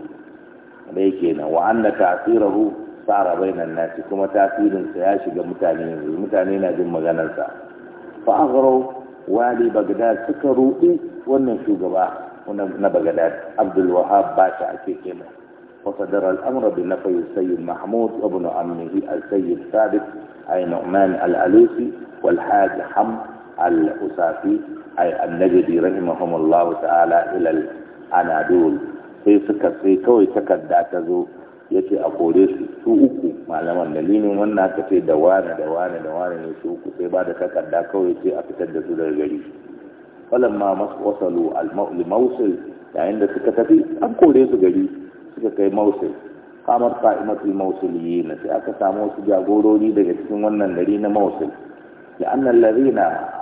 dai kenan wa anna ta'sirahu sara bainan nasi kuma tasirin sa ya shiga mutane yanzu mutane na jin maganar sa fa aghraw wali bagdad suka ruɗi wannan shugaba na bagdad abdul wahab bashi ake kenan وصدر الأمر بنفي السيد محمود وابن عمه السيد ثابت أي نعمان الألوسي والحاج حم الأسافي أي النجدي رحمهم الله تعالى إلى الأنادول sai suka sai kawai takarda ta zo ya ce a kore su su uku malaman dalilin wannan aka ce da wane da wane da wane ne su uku sai ba da takarda kawai sai a fitar da su daga gari masu wasalu al mausul yayin da suka tafi an kore su gari suka kai mausul kamar mausul yi na sai aka samu wasu jagorori daga cikin wannan gari na mausil لأن الذين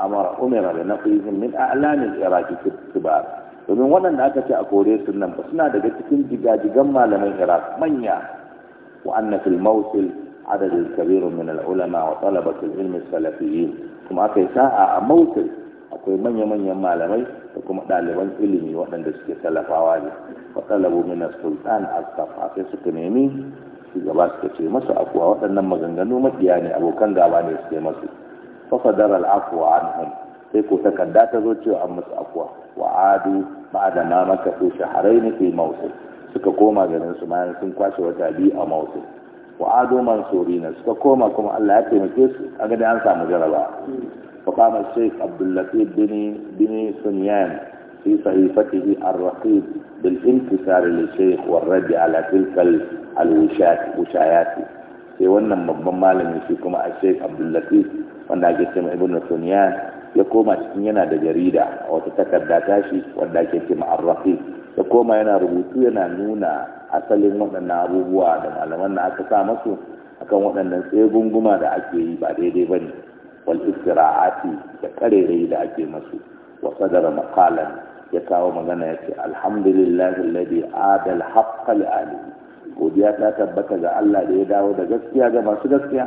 أمر أمر بنقلهم من أعلام العراق في الكبار domin waɗanda aka ce a kore su nan ba suna daga cikin jigajigan malaman iraq manya wa anna fil mawsil adad kabir min al ulama wa talabat al ilm salafiyyin kuma aka yi sa'a a mawsil akwai manya manyan malamai da kuma ɗaliban ilimi waɗanda suke tallafawa ne wa talabu min al sultan al sai suka nemi shugaba suka ce masu afuwa waɗannan maganganu maƙiya ne abokan gaba ne suke masu fa fadara al afwa anhum sai ko takarda ta zo cewa an musu afuwa wa adu ba'da ma maka su shaharaini fi mawsil suka koma garin su bayan sun kwashe wata biyu a mawsil wa adu mansurina suka koma kuma Allah ya taimake su kaga da an samu jaraba fa qama shaykh abdul latif bin bin sunyan fi sahifatihi ar-raqib bil intisar li shaykh wa radd ala tilka al sai wannan babban malamin shi kuma a sheik abdullatif wanda ake cewa ibn sunyan ya koma cikin yana da jarida a wata takarda tashi wadda ake ce ma'arrafi ya koma yana rubutu yana nuna asalin waɗannan abubuwa da malaman na aka sa masu akan waɗannan tsegunguma da ake yi ba daidai ba ne wal istira'ati da karerai da ake masu wa sadara maqalan ya kawo magana ya ce alhamdulillahi alladhi adal haqqa li godiya ta tabbata ga Allah da ya dawo da gaskiya ga masu gaskiya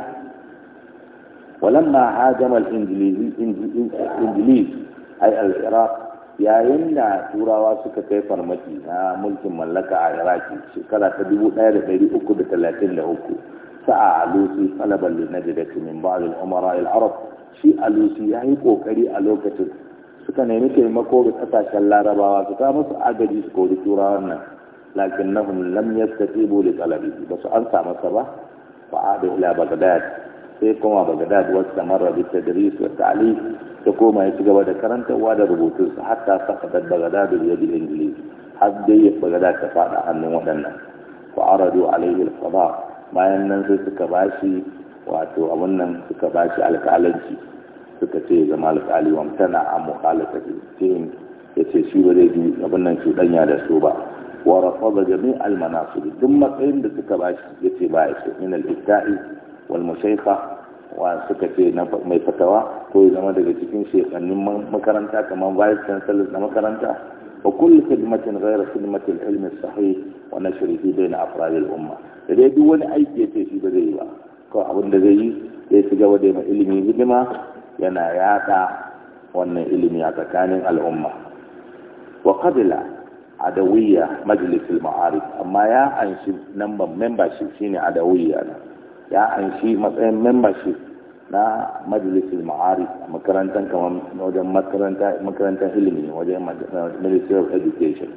ولما هاجم الإنجليز الإنجليز أي العراق يا يمنا تورا واسكة كيفر مجي ها ملك ملك عراقي شكرا تدبو نير فيري أكو بتلاتين لأكو سعى لوسي طلبا لنجدك من بعض الأمراء العرب شيء لوسي يعني هيكو كري ألوكة suka nemi taimako ga kasashen larabawa su ta musu agaji su kori turawan nan lakin nahum lam yastatibu li talabi ba su sai kuma Bagdad wasu marra da tadris wa ta'lif ta koma ya ci gaba da karantarwa da rubutunsa hatta saka Bagdad da yadda ingili har dai Bagdad ta fada hannun waɗannan wa aradu alaihi al-qada bayan nan sai suka bashi wato a wannan suka bashi alƙalanci suka ce zama alƙali wamtana a mukhalafati tin ce shi ba zai yi abin nan cuɗanya da su ba wa rafada jami' al-manasib duk matsayin da suka bashi ce ba ya so min al-ibta'i wal wa suka ce na mai fatawa ko ya zama daga cikin shekannin makaranta kamar vice chancellor na makaranta wa kullu khidmatin ghayra khidmatil ilmi sahih wa nashrihi bayna afrad al umma da dai duk wani aiki yace shi ba zai yi ba ko abin da zai yi zai shiga gaba da ilimi hidima yana yada wannan ilimi a tsakanin al'umma wa qabila adawiyya majlis al ma'arif amma ya anshi number membership shine adawiyya ya anshi matsayin membership na majalisul ma'arif a makarantar kamar wajen makarantar ilimi wajen ministry of education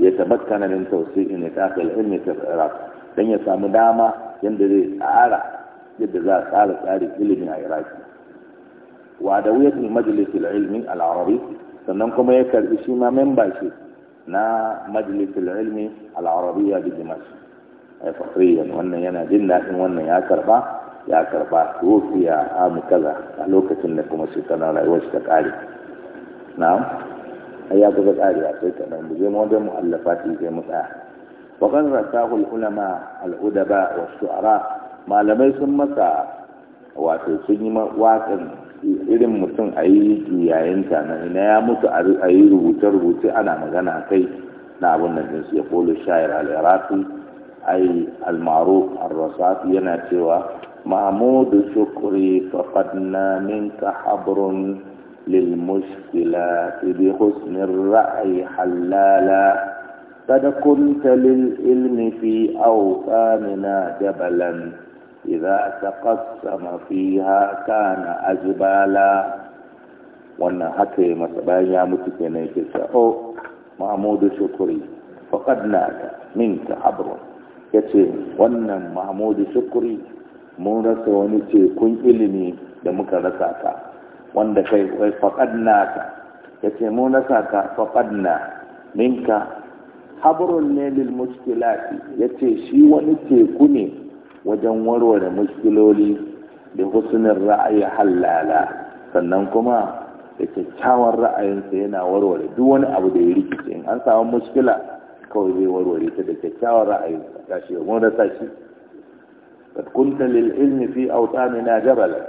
ya tabakkana min tausi ne ta kai ilmi ta iraq dan ya samu dama yadda zai tsara yadda za a tsara tsari ilimi a iraq wa da wuyatul majalisul ilmi al-arabi sannan kuma ya karbi shi ma membership na majalisul ilmi al-arabiyya bi dimashq fakhriyan wannan yana jin daɗin wannan ya karba ya karba rufiya a kaza a lokacin da kuma shekarar rayuwar shi ta ƙare na'am ai ya kusa ƙarewa sai ka nan buje mu wajen mu'allafati sai mu tsaya wa qad rasahu al-ulama al-udaba wa shu'ara malamai sun masa wato sun yi waƙan irin mutum a yi juyayenta na ina ya mutu a yi rubuce-rubuce ana magana kai na abin da ya kolo shayar al أي المعروف الرصاص ينتوى محمود شكري فقدنا منك حبر للمشكلات بحسن الرأي حلالا قد كنت للعلم في أوطاننا جبلا إذا تقسم فيها كان أجبالا وانا حتى ما masa متكنيك سأو mutu شكري فقدناك منك حبر ya ce wannan mahmudu shukuri mun rasa wani tekun ilimi da muka rasa ka wanda kai kai faƙadna ka ya ce mun rasa ka faƙadna ninka habrun ne lil muskilati ya ce shi wani teku ne wajen warware muskiloli da husnin ra'ayi halala sannan kuma da kyakkyawan ra'ayinsa yana warware duk wani abu da ya rikice in an samu muskila kawai zai warware ta da kyakkyawar ra'ayi ga shi mun rasa shi kad kunta lil ilmi fi awtanina jabala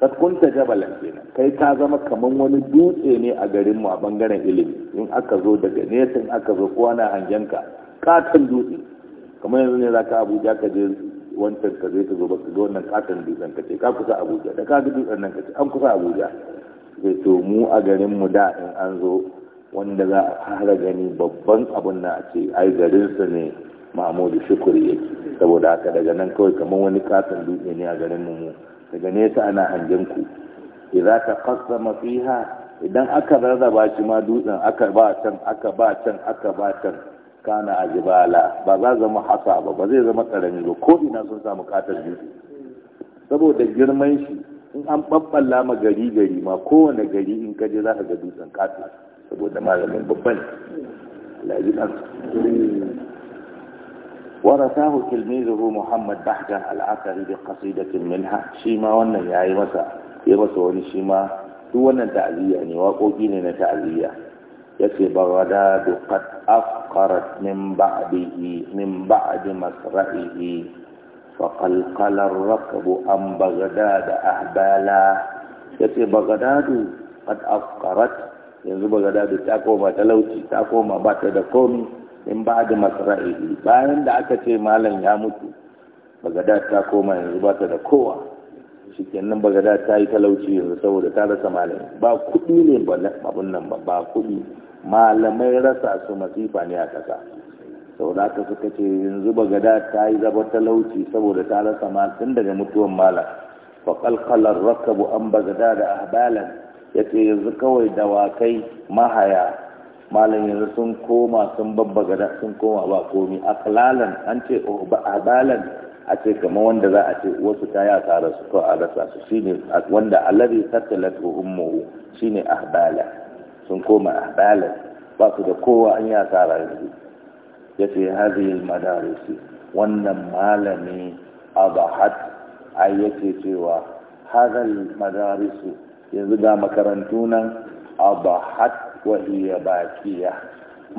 kad kunta jabalan kenan kai ka zama kaman wani dutse ne a garin mu a bangaren ilimi in aka zo daga nesa in aka zo kowa na hangen ka katon dutse kamar yanzu ne za ka Abuja ka je wancan ka zai ka zo baka zo wannan katon dutsen ka ce ka kusa Abuja da ka ga dutsen nan ka ce an kusa Abuja zai to mu a garin mu da in an zo wanda za a fara gani babban abin na a ce ai garinsa ne mahmudu shukuri yake saboda haka daga nan kawai kamar wani katon dutse ne a garin mu daga nesa ana hangen ku idza ta mafi ha idan aka rarraba shi ma dutsen aka ba can aka ba can aka ba can kana ajibala ba za zama hasa ba ba zai zama karami ba ko ina sun samu katon dutse saboda girman shi in an babballa ma gari gari ma kowane gari in ka je za ka ga dutsen katon saboda malamin babban lajin ورثاه تلميذه محمد بحجة العسري بقصيدة منها شيما وانا يا مسا يمسا وني شيما دوانا تعذية تعزية يعني واقوكين تعزية يكي بغداد قد أفقرت من بعده من بعد مسرعه فقلقل الركب أم بغداد أهبالا يكي بغداد قد أفقرت yanzu ba ga dadu ta koma talauci ta koma ba ta da komi in ba da masra'i bayan da aka ce malam ya mutu bagdad ta koma yanzu ba ta da kowa shikenan bagdad ta yi talauci yanzu saboda ta rasa malam ba kuɗi ne abun nan ba ba kuɗi malamai rasa su masifa ne a ƙasa sau da aka suka ce yanzu bagada ta yi zaba talauci saboda ta rasa malam tun daga mutuwan malam kalkalar rakabu an bagada da ahbalan ya ce yanzu kawai dawakai mahaya malam yanzu sun koma sun babbaga sun koma ba komi kalalan an ce ba a ce kamar wanda za a ce wasu ta ya tsara su kawai a rasa su ne wanda alladhi tattalat ummuhu shine ahbala sun koma ahbalan ba su da kowa an ya tsara yanzu yace hadhihi madarisi wannan malami abahat ai yake cewa hadha madarisu. yanzu ga makarantu nan abahat wa iya bakiya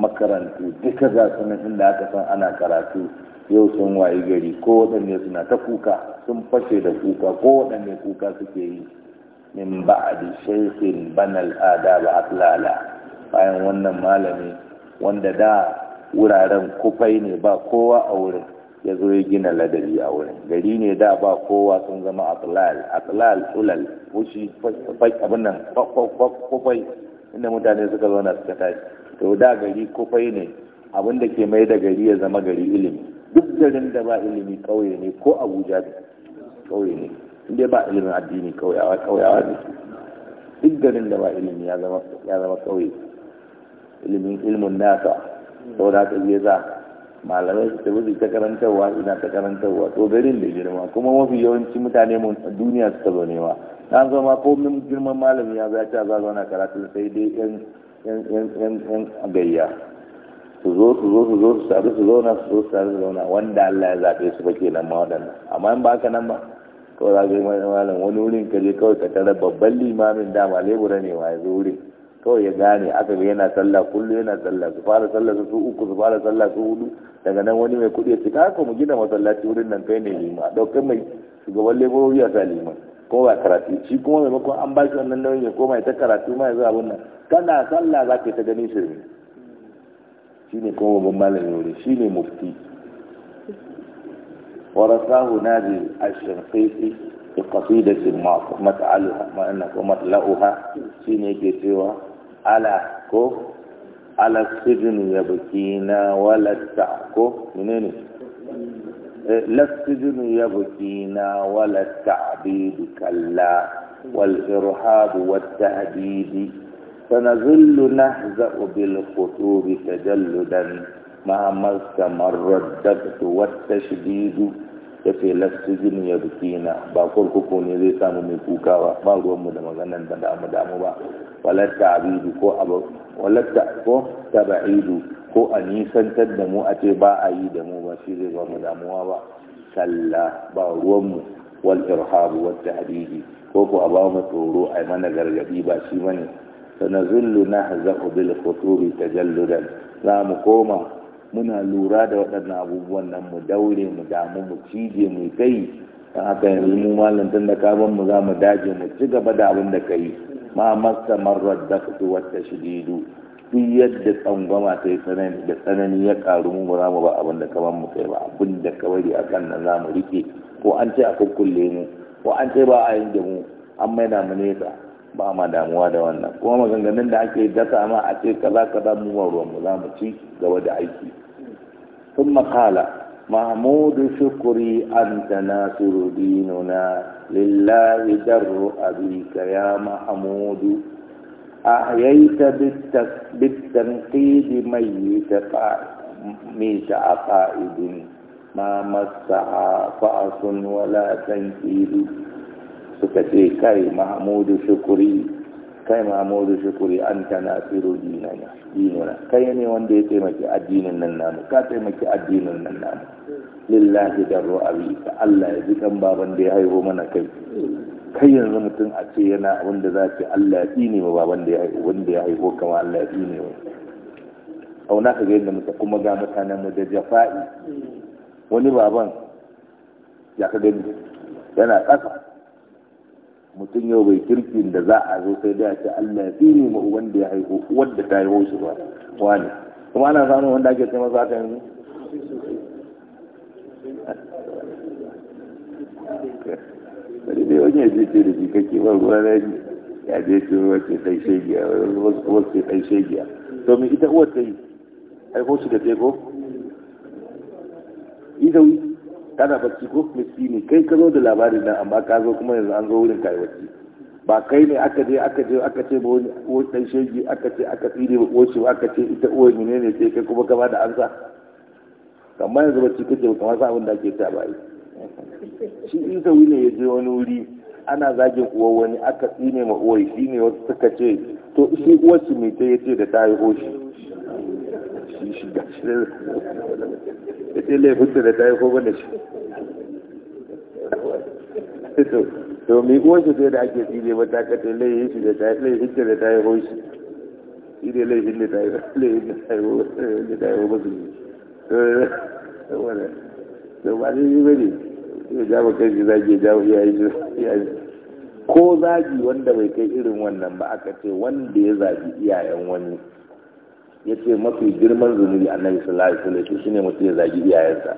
makarantu duka za su nan inda aka san ana karatu yau sun wayi gari ko waɗanne suna ta kuka sun fashe da kuka ko waɗanne kuka suke yi min di shaifin banal ba atlala bayan wannan malami wanda da wuraren kufai ne ba kowa a wurin ya zo ya gina ladabi a wurin gari ne da ba kowa sun zama atlal atlal ulal fushi abin nan kofai inda mutane suka na suka tashi to da gari kofai ne abin da ke mai da gari ya zama gari ilimi duk garin da ba ilimi kauye ne ko abuja kauye ne inda ba ilimin addini kauyawa kauyawa ne duk garin da ba ilimi ya zama kauye ilimin ilmun nasa saboda haka za malamai su tafi ta karantarwa ina ta karantarwa to garin da girma kuma mafi yawanci mutane mun duniya suka zo nema na zama ko min girman malami ya zai ta zauna karatu sai dai yan yan gayya su zo su zo su zo su taru su zauna su zo su taru su zauna wanda Allah ya zaɓe su ba kenan ma waɗannan amma in ba haka nan ba kawai za ka yi malam wani wurin ka je kawai ka tarar babban limamin dama lebura ne wa ya zo wurin kawai ya gane aka ga yana sallah kullum yana sallah su fara sallah su uku su fara sallah su hudu daga nan wani mai kudi ya ce haka mu gina masallaci wurin nan kai ne lima ɗaukar mai shugaban lebobi a sa liman ko ba karatu shi kuma maimakon an ba shi wannan nauyin ya koma ya ta karatu ma ya zo abin nan kana sallah za ka yi ta ganin shi shi ne kuma babban malam wuri shi ne mufti warasahu nabi ash-shafiqi bi qasidatin ma mat'aluha ma anna mat'aluha shine yake cewa على كف على السجن يبكينا ولا التعكف منين لا السجن يبكينا ولا التعبيد كلا والإرهاب والتهديد فنظل نهزأ بالخطوب تجلدا مهما استمر الدبت والتشديد ya ce zini ya na ba kurkuku ne zai samu mai kuka ba ba ruwanmu da maganan da damu damu ba walatta abidu ko abu walatta ko taba'idu ko a nisantar da mu a ce ba a yi da mu ba shi zai ba mu damuwa ba kalla ba ruwanmu wal irhabu wat tahdidi ko ko a ba mu tsoro ai mana gargadi ba shi bane sanazullu nahza'u bil ta tajalludan za mu koma muna lura da waɗannan abubuwan nan mu daure mu damu mu cije mu kai don haka yanzu mu mallam tun da kabon mu za mu daje mu ci gaba da abin da kai ma masa marar da fito wata shididu duk yadda tsangwama ta yi tsanani da tsanani ya karu mu ba mu ba abin da kaman mu kai ba abin da ka bari a kan nan za mu rike ko an ce a kukkulle mu ko an ce ba a yin da mu an maida mu nesa ba ma damuwa da wannan kuma maganganun da ake dasa ma a ce kaza kaza mu ruwan mu za mu ci gaba da aiki ثم قال محمود شكري أنت ناصر ديننا لله در أبيك يا محمود أحييت بالتنقيد ميت ميت عقائد ما مسها فأس ولا تنكيد سكتي كي محمود شكري kai Muhammadu Shukuri an ta nasiru dinuna kai ne wanda ya taimaki addinin nan namu ka taimaki addinin nan namu lillahi darru ka Allah ya ji kan baban da ya haihu mana kai kai yanzu mutum a ce yana wanda za ce Allah ya tsine wa baban da ya haihu wanda ya haihu kama Allah ya tsine wa na ka ga da muka kuma ga mutanen mu da jafa'i wani baban ya ka gani yana ƙasa mutum yau bai kirkin da za a zo sai da ce Allah ya tsine ma wanda ya haihu wanda ta haihu shi ba wani kuma ana samun wanda ake ce masa ta yanzu bari dai wani ya je ce da shi kake ba ruwa na ya je ce wace ɗan shegiya wace ɗan shegiya to mai ita uwar ta yi haihu shi da teko? Izawi kana bacci ko miski ne kai ka zo da labarin nan amma ka zo kuma yanzu an zo wurin kai bacci ba kai ne aka je aka je aka ce wani dan shegi aka ce aka tsire ba koce ba aka ce ita uwar ne sai kai kuma ka ba da ansa amma yanzu bacci kake ba kamar sa abin da ake ta ba shi ka wuni ya je wani wuri ana zagin uwar wani aka tsine ma uwar shi ne wasu suka ce to shi uwar su mai ta yace da ta yi hoshi shi shi ne ita da ake tsire ko zagi wanda bai kai irin wannan ba aka ce wanda ya zagi iyayen wani ya ce mafi girman zunubi annabi sallallahu alaihi wasallam shine mutum ya zagi iyayensa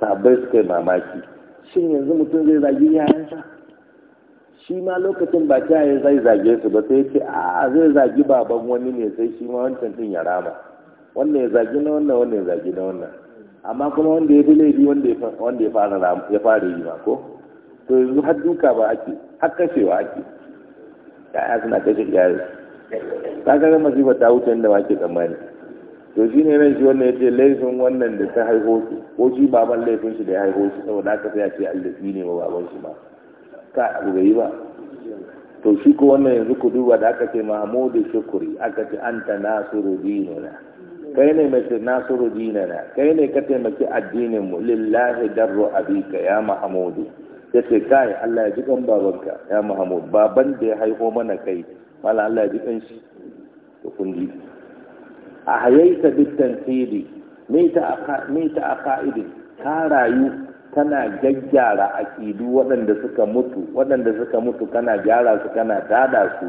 sabai suka yi mamaki shin yanzu mutum zai zagi iyayensa shi ma lokacin ba ta yi zai zage su ba sai ce a zai zagi baban wani ne sai shi ma wancan din ya rama wannan ya zagi na wannan wannan ya zagi na wannan amma kuma wanda ya bi laifi wanda ya fara ya fara yi ma ko to yanzu har duka ba ake har kashewa ake ya'ya suna kashe iyayensu ta ga masifar ta wuce inda wake tsammani to shi ne nan shi wannan ya ce laifin wannan da ta haiho su ko shi baban laifin shi da ya haiho su saboda aka sai a ce allafi ne ma baban shi ma ka abu bai yi ba to shi ko wannan yanzu ku duba da aka ce mahmudu shukuri aka ce an ta nasiru dinina kai ne mai ce nasiru dinina kai ne ka taimaki addinin mu lillahi darro abika ya mahmudu ce kai Allah ya ji kan babanka ya mahmud baban da ya haiho mana kai mala Allah bi kan shi to kun ji a hayaita bittan me ta a ta ka rayu kana gaggyara aƙidu wadanda suka mutu waɗanda suka mutu kana gyara su kana tada su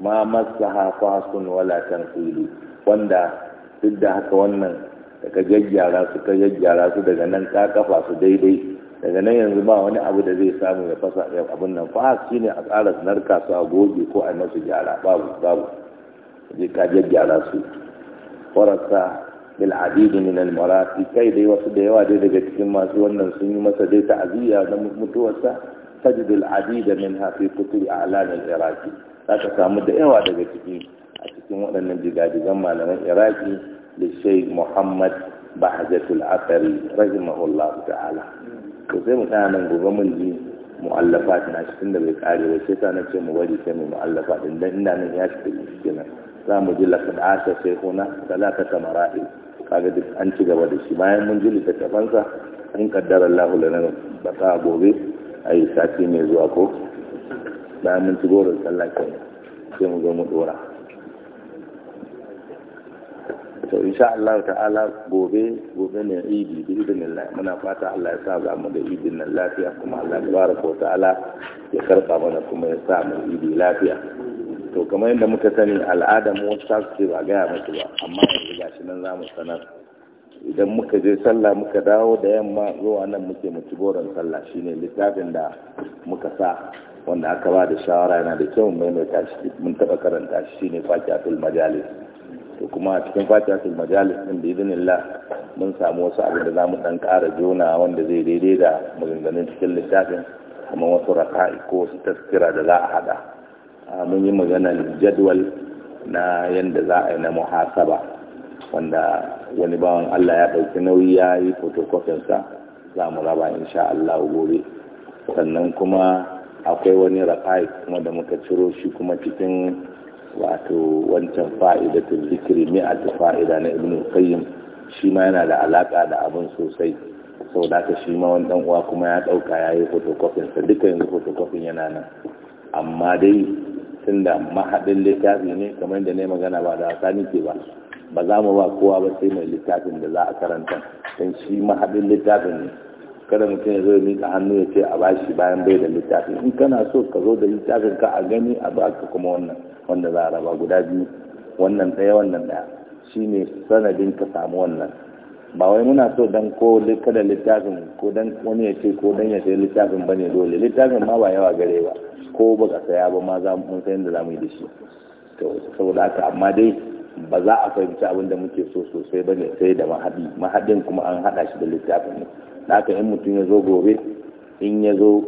ma masaha fasun wala tanfidi wanda duk da haka wannan daga gaggyara su ka gaggyara su daga nan ka kafa su daidai daga nan yanzu ba wani abu da zai samu ya fasa abin nan fa shi ne a tsara narka su a goge ko a masu gyara babu babu zai kajiyar gyara su farasa bil adidi min al marafi kai dai wasu da yawa dai daga cikin masu wannan sun yi masa dai ta'aziyya na mutuwarsa tajid al adida min hafi kutub a'lan al iraqi ka samu da yawa daga ciki a cikin waɗannan jigajigan malaman iraki da sheikh muhammad bahjatul asari rahimahullahu ta'ala to sai mu tsaya nan gobe mun ji mu'allafa na cikin da bai kare ba sai sa na ce mu bari sai mu mu'allafa din dan ina nan ya shi kenan za mu ji laqad asa sai kuna salatata ka kaga duk an ci gaba da shi bayan mun ji littattafansa in kaddara Allah lana ta gobe ayi sati mai zuwa ko bayan mun ci gobe sallah kenan sai mu zo mu dora to sha Allah ta'ala gobe gobe ne idi bi idinillah muna fata Allah ya sa ga mu da idin nan lafiya kuma Allah tabaraka ta'ala ya karba mana kuma ya sa mu idi lafiya to kamar yadda muka sani al'ada mu wasu ce ba gaya musu ba amma yanzu gashi nan za sanar idan muka je sallah muka dawo da yamma zuwa nan muke mu ci boron sallah shine littafin da muka sa wanda aka ba da shawara yana da kyau mai mai tashi mun taba karanta shi shine fakiatul majalis to kuma a cikin fatihatul majalis din da Allah mun samu wasu abin da zamu dan ƙara jona wanda zai daidai da maganganun cikin littafin kuma wasu raka'i ko wasu taskira da za a hada mun yi maganar jadwal na yadda za a yi na muhasaba wanda wani bawan Allah ya ɗauki nauyi ya yi sa za mu raba insha Allah gobe sannan kuma akwai wani raka'i kuma da muka ciro shi kuma cikin wato wancan fa'idatun zikiri ta fa'ida na ilmi kayyum shi ma yana da alaƙa da abin sosai sau da ka shi ma wani ɗan uwa kuma ya ɗauka ya yi fotokofin sa duka yanzu fotokofin yana nan amma dai tun da mahaɗin littafi ne kamar da ne magana ba da wasa ke ba ba za mu ba kowa ba sai mai littafin da za a karanta don shi mahaɗin littafin ne kada mutum ya zo ya miƙa hannu ya ce a bashi bayan bai da littafi in kana so ka zo da littafin ka a gani a ba ka kuma wannan wanda za a raba guda biyu wannan ɗaya wannan ɗaya shine sanadin ka samu wannan ba wai muna so dan ko kada littafin ko dan wani ya ce ko dan ya sai littafin ba ne dole littafin ma ba yawa gare ba ko ba ka saya ba ma za mu san yadda za mu yi da shi to saboda haka amma dai ba za a fahimci abin da muke so sosai ba ne sai da mahadi mahadin kuma an haɗa shi da littafin ne da aka in mutum ya zo gobe in ya zo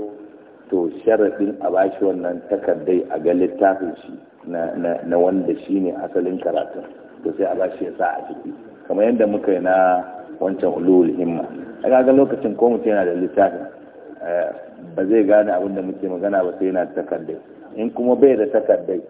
to sharaɗin a bashi wannan takardai a ga littafin shi na wanda shi ne asalin karatun to sai a bashi ya sa a ciki kamar yadda muka yi na wancan ulul himma a ga lokacin ko mutum yana da littafin eh, ba zai gane abin da muke magana ba sai yana da takardai in kuma bai da takardai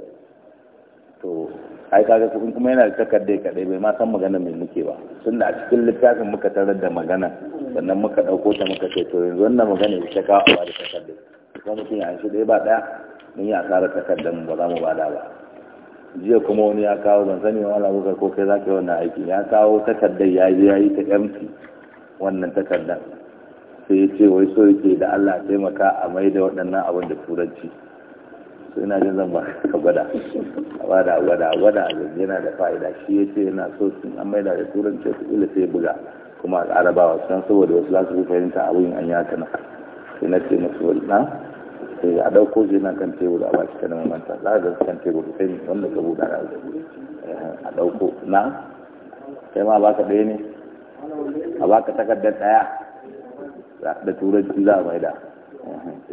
to ai kaga kun kuma yana da takardai kadai bai ma san magana mai muke ba tunda a cikin littafin muka tarar da magana sannan muka dauko ta muka ce to yanzu wannan magana ita ka ba da takardai kuma mutum ya shi dai ba daya mun yi asarar takardar mu ba za mu bada ba jiya kuma wani ya kawo ban sani wani abubakar ko kai zaka yi wannan aiki ya kawo takardar ya yi ya yi ta yamci wannan takardar sai ya ce wai so yake da Allah taimaka a mai da waɗannan abin da turanci suna jin zan ba ka gwada gwada gwada gwada yana da fa'ida shi ya ce yana so sun an maida da turanci su ila sai buga kuma a arabawa san saboda wasu za su fahimta abin an yaka na sai na ce masu wani na sai a ɗauko shi na kan tebur a baki kanin mamanta za ka ga kan tebur sai wanda ka buɗa eh, a ɗauko na sai ma baka ɗaya ne a baka takardar ɗaya da turanci za a maida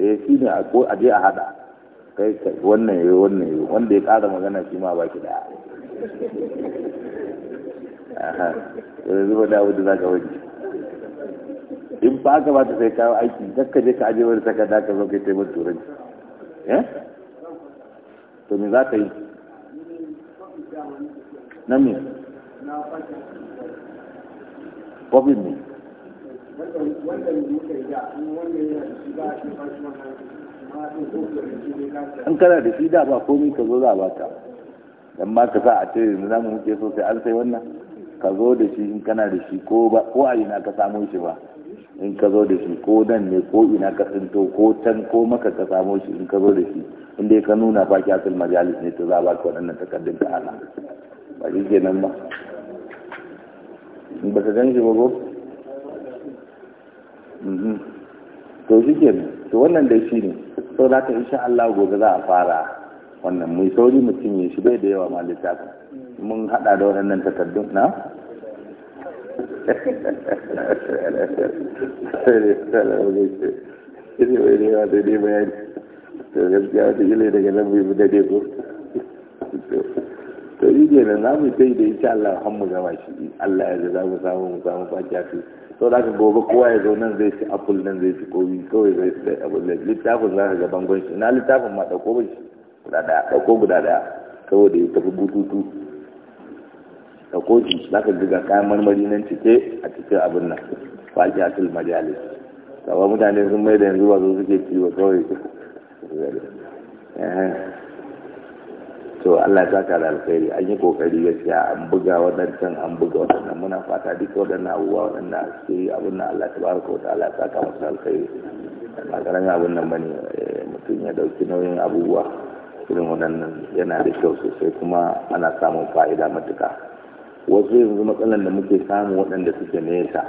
eh, eh shi ne a je a haɗa kai wannan yayi wannan yayi wanda ya ƙara magana shi ma baki da aha yanzu ba da wanda zaka wani in ba aka ba ta sai kawo aiki dakka je ka aje wani takarda ka zo kai taimar turanci eh to me za ka yi na me kofin ne wanda muka yi da wanda ya shi in kana da shi da ba komai ka zo za a ta dan ma ka sa a ce yanzu zamu muke so sai an sai wannan ka zo da shi in kana da shi ko ba ko a ina ka samo shi ba in ka zo da shi ko dan ne ko ina ka tsinto ko can ko maka ka samo shi in ka zo da shi in dai ka nuna fa ki asal majalis ne to za ba ka waɗannan takardun ta ana ba shi kenan ba in ba ka gan shi ba ko mhm. to shi ke to wannan dai shi ne to da ka insha Allah gobe za a fara wannan mu sauri mutum ya shi bai da yawa ma littafin mun hada da waɗannan takardun na to yi daga nan da yi ke nan za mu sai da insha Allah har mu gama shi Allah ya za mu samu mu samu sau da gobe kowa ya zo nan zai ci apple nan zai ci kowi kawai zai ci abu littafin za ka ga bangon shi na littafin ma ɗauko ba shi guda ɗaya ɗauko guda ɗaya saboda ya tafi bututu ɗauko shi za ka ga kayan marmari nan cike a cikin abin nan faki atul majalis kawai mutane sun mai da yanzu ba zo suke ciwo kawai eh. to Allah ya saka da alkhairi an yi kokari gaskiya an buga waɗancan an buga waɗannan muna fata duka waɗannan abubuwa waɗannan su yi abin nan Allah tabaraka wa allah ya saka musu alkhairi ba karamin abin nan bane eh, mutum ya dauki nauyin abubuwa irin waɗannan yana da kyau sosai kuma ana samun fa'ida matuka wasu yanzu matsalan da muke samu waɗanda suke nesa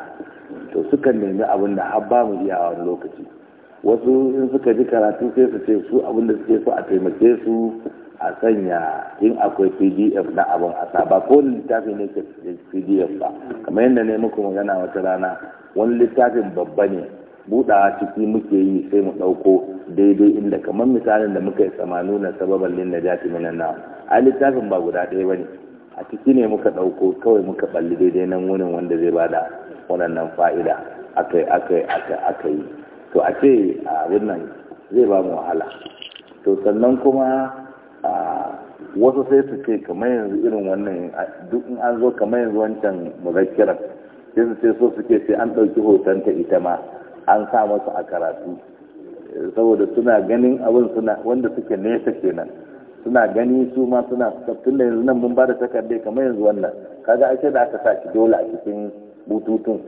to sukan nemi abin da har ba mu iya a wani lokaci wasu in suka ji karatu sai su ce su abin da suke so a taimake su a sanya in akwai pdf na abin asa ba ko littafi ne ke pdf ba kamar yadda ne muku magana wata rana wani littafin babba ne buɗawa ciki muke yi sai mu ɗauko daidai inda kamar misalin da muka yi samanu na sababan lin na jati minan na a littafin ba guda ɗaya ba ne a ciki ne muka ɗauko kawai muka balli daidai nan wurin wanda zai bada waɗannan fa'ida aka yi aka yi to a ce a wannan zai ba mu wahala to sannan kuma wasu sai su ce kamar yanzu irin wannan duk in an zo kamar yanzu wancan muzakkiran sai su ce so suke sai an ɗauki hoton ta ita ma an sa masu a karatu saboda suna ganin abin suna wanda suke nesa kenan suna gani su ma suna tun da yanzu nan mun ba da takarda kamar yanzu wannan kaga ake da aka sa shi dole a cikin bututun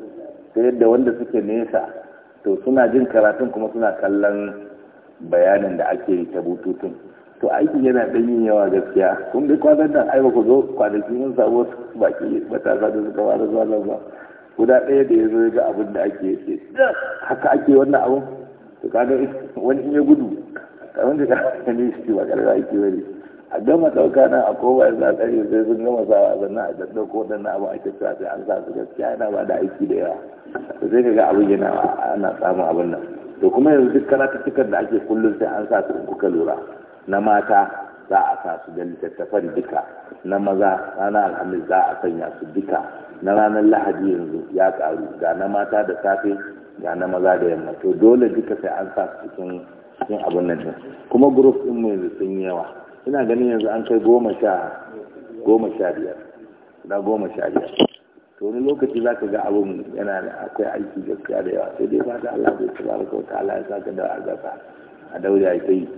sai yadda wanda suke nesa to suna jin karatun kuma suna kallon bayanin da ake yi ta bututun to aikin yana ɗan yin yawa gaskiya kun dai kwanan nan ai ku zo kwanaki mun samu wasu baki matasa da suka fara zuwa nan ba guda ɗaya da ya zo ga abin da ake ce haka ake wannan abin to kaga wani in ya gudu kamar da ka ne shi ba karfa ake wani a gama ɗauka nan a kowa ya zaɓa ne sai sun gama sawa na a ɗan ko ɗan abin ake cewa sai an sa su gaskiya yana ba da aiki da yawa to sai ka ga abin yana ana samun abin nan to kuma yanzu duk cikar da ake kullum sai an sa su in kuka lura na mata za a sa su da littattafan duka na maza ranar alhamis za a sanya su duka na ranar lahadi yanzu ya karu ga na mata da safe ga na maza da yamma to dole duka sai an sa su cikin cikin abin nan din kuma group din mu yanzu sun yi yawa ina ganin yanzu an kai goma sha goma biyar da goma sha biyar to wani lokaci za ka ga abin yana da akwai aiki gaskiya da yawa sai dai fata Allah bai tabaraka wa ta'ala ya saka da azaba a daure a kai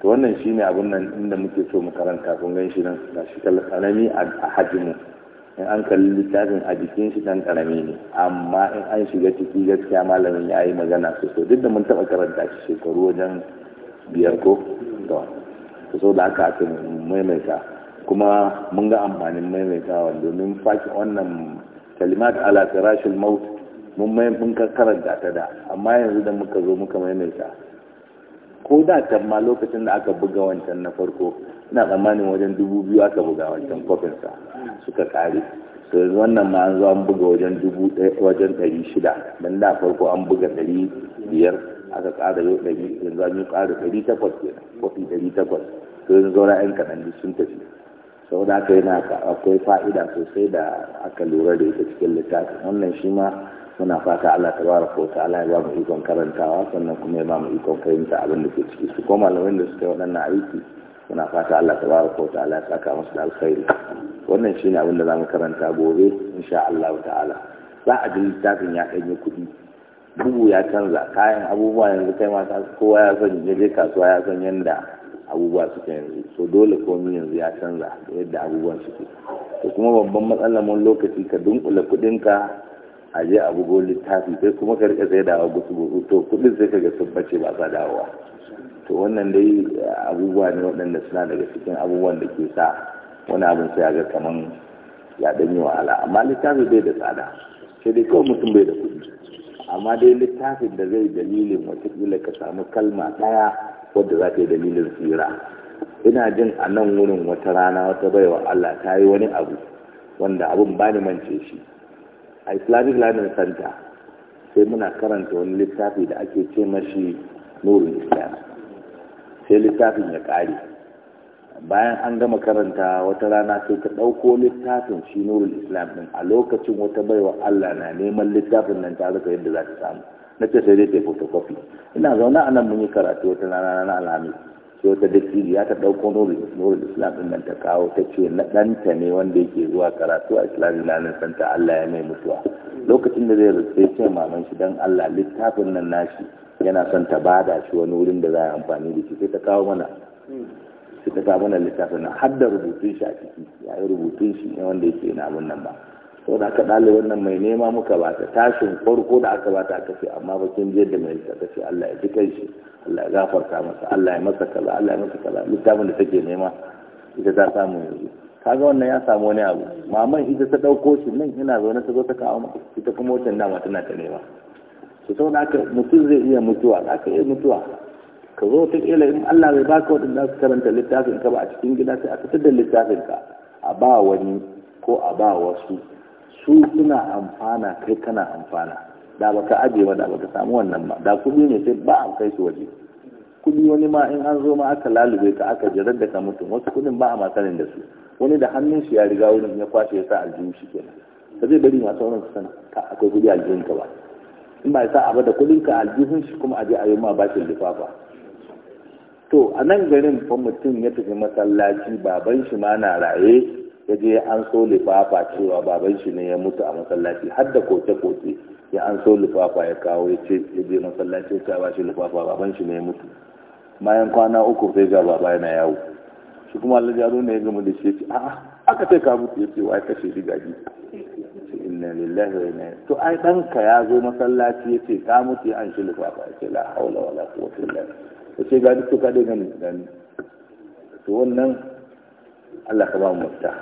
to wannan shi ne abun nan inda muke so mu karanta kun gan shi nan gashi tsanani a hajjimu in an kalli littafin a jikin shi dan karami ne amma in an shiga ciki gaskiya malamin ya yi magana so duk da mun taɓa karanta shi shekaru wajen biyar ko to so da haka aka maimaita kuma mun ga amfanin maimaitawa domin faki wannan kalimat ala firashil maut mun karanta ta da amma yanzu da muka zo muka maimaita ko da can ma lokacin da aka buga wancan na farko ina tsammanin wajen dubu biyu aka buga wancan kofinsa suka kare to yanzu wannan ma an zo an buga wajen dubu ɗaya wajen ɗari shida don da farko an buga ɗari biyar aka ƙara yau ɗari yanzu an yi ƙara ɗari takwas kenan kofi ɗari takwas to yanzu zaura ƴan kaɗan duk sun tafi sau da aka na akwai fa'ida sosai da aka lura da ita cikin littafin wannan shi ma muna fata Allah ta bara ko ta Allah ya ba mu ikon karantawa sannan kuma ya ba mu ikon fahimta abin da ke ciki su koma malamin da suke yi waɗannan aiki muna fata Allah ta bara ko ta Allah ya saka musu da alkhairi wannan shine abin da za mu karanta gobe insha Allah ta'ala za a ji littafin ya ɗanye kuɗi bugu ya canza kayan abubuwa yanzu kai ma kowa ya san ya je kasuwa ya san yanda abubuwa suke yanzu so dole komi yanzu ya canza yadda abubuwan suke to kuma babban matsalar mun lokaci ka dunkula kudinka a je a bugo littafi sai kuma ka rika sai da gusu gusu to kudin sai ka ga sun bace ba sa dawowa to wannan dai abubuwa ne waɗanda suna daga cikin abubuwan da ke sa wani abin sai ga kaman ya dan yi wahala amma littafi bai da tsada sai dai kawai mutum bai da kuɗi amma dai littafin da zai dalilin watakila ka samu kalma ɗaya wadda za ta yi dalilin tsira ina jin a nan wurin wata rana wata baiwa Allah ta yi wani abu wanda abun ba ni mance shi a islamic learning center sai muna karanta wani littafi da ake ce mashi nurin islam sai littafin ya kare bayan an gama karanta wata rana sai ta ɗauko littafin shi nurin islam din a lokacin wata baiwa allah na neman littafin nan ta zaka yadda za ta samu na ce sai dai ta photocopy ina zaune a nan mun yi karatu wata rana na alhamis sai wata dakili ya ta ɗauko nurul islam ɗin nan ta kawo ta ce na ɗanta ne wanda yake zuwa karatu a na na santa allah ya mai mutuwa lokacin da zai rufe ce maman shi don allah littafin nan nashi yana son ta bada shi wani wurin da za a amfani da shi sai ta kawo mana sai ta kawo mana littafin nan har da rubutun shi a ciki ya yi rubutun shi ne wanda yake na abin nan ba sau da aka ɗaliban nan mai nema muka ba ta tashin farko da aka ba ta aka ce amma bakin jiyar da mai ta ce allah ya ji kai shi gafarta masa Allah ya masa kaza Allah ya masa kaza littafin da take nema ita ta samu yanzu kaga wannan ya samu wani abu maman ita ta dauko shi nan ina zaune ta zo ta kawo mu ita kuma wancan dama tana ta nema to sau da aka mutum zai iya mutuwa za ka iya mutuwa ka zo ta kila in Allah bai baka waɗanda su karanta littafin ka ba a cikin gida sai a fitar da littafin ka a ba wani ko a ba wasu su suna amfana kai kana amfana da baka ajiye ba da baka samu wannan ba da kuɗi ne sai ba a kai su waje kuɗi wani ma in an zo ma aka lalube ka aka jirar da ka mutu wasu kuɗin ba a masanin da su wani da hannun shi ya riga wurin ya kwashe ya sa aljihu shi kenan ba zai bari masu wurin san ka akwai kuɗi aljihun ka ba in ba ya sa abu da kuɗin ka aljihun shi kuma a je a yi ma bashin lifafa to a nan garin fa mutum ya tafi masallaci baban shi ma na raye ya je ya an so lifafa cewa baban shi ne ya mutu a masallaci har da koke-koke ya an so lifafa ya kawo ya ce ya je masallaci ya ce lifafa baban shi ne ya mutu bayan kwana uku sai ga baba yana yawo shi kuma alhaji yaro ne ya gama da shi a a aka sai ka mutu yace wai kashe shi gaji inna lillahi wa inna ilaihi to ai danka ya zo masallaci yace ka mutu an shi lifafa yace la haula wala quwwata illa billah ya ga duk ka dai gani gani to wannan Allah ka ba mu mutta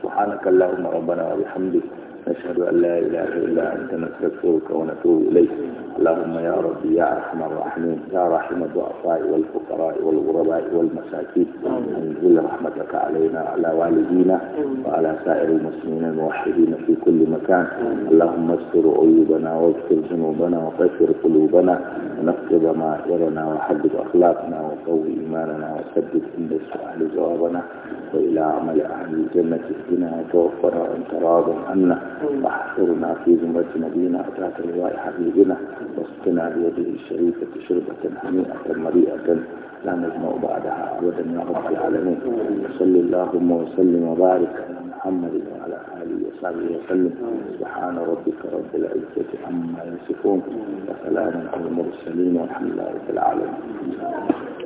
subhanakallahumma rabbana wa bihamdika نشهد أن لا إله إلا أنت نستغفرك ونتوب إليك اللهم يا ربي يا أرحم الراحمين يا رحم الضعفاء والفقراء والغرباء والمساكين أنزل رحمتك علينا على والدينا وعلى سائر المسلمين الموحدين في كل مكان اللهم استر عيوبنا واغفر ذنوبنا وقفر قلوبنا ونقض ضمائرنا وحدد أخلاقنا وقوي إيماننا وسدد عند السؤال جوابنا وإلى عمل أهل الجنة اهدنا وتوفنا وانت راض عنا واحفر ما في زمرة نبينا أتاك لواء حبيبنا واسقنا بيده الشريفة شربة هنيئة مريئة لا نجمع بعدها أبدا يا رب العالمين صل اللهم وسلم وبارك على محمد وعلى آله وصحبه وسلم سبحان ربك رب العزة عما يصفون وسلام على المرسلين والحمد لله رب العالمين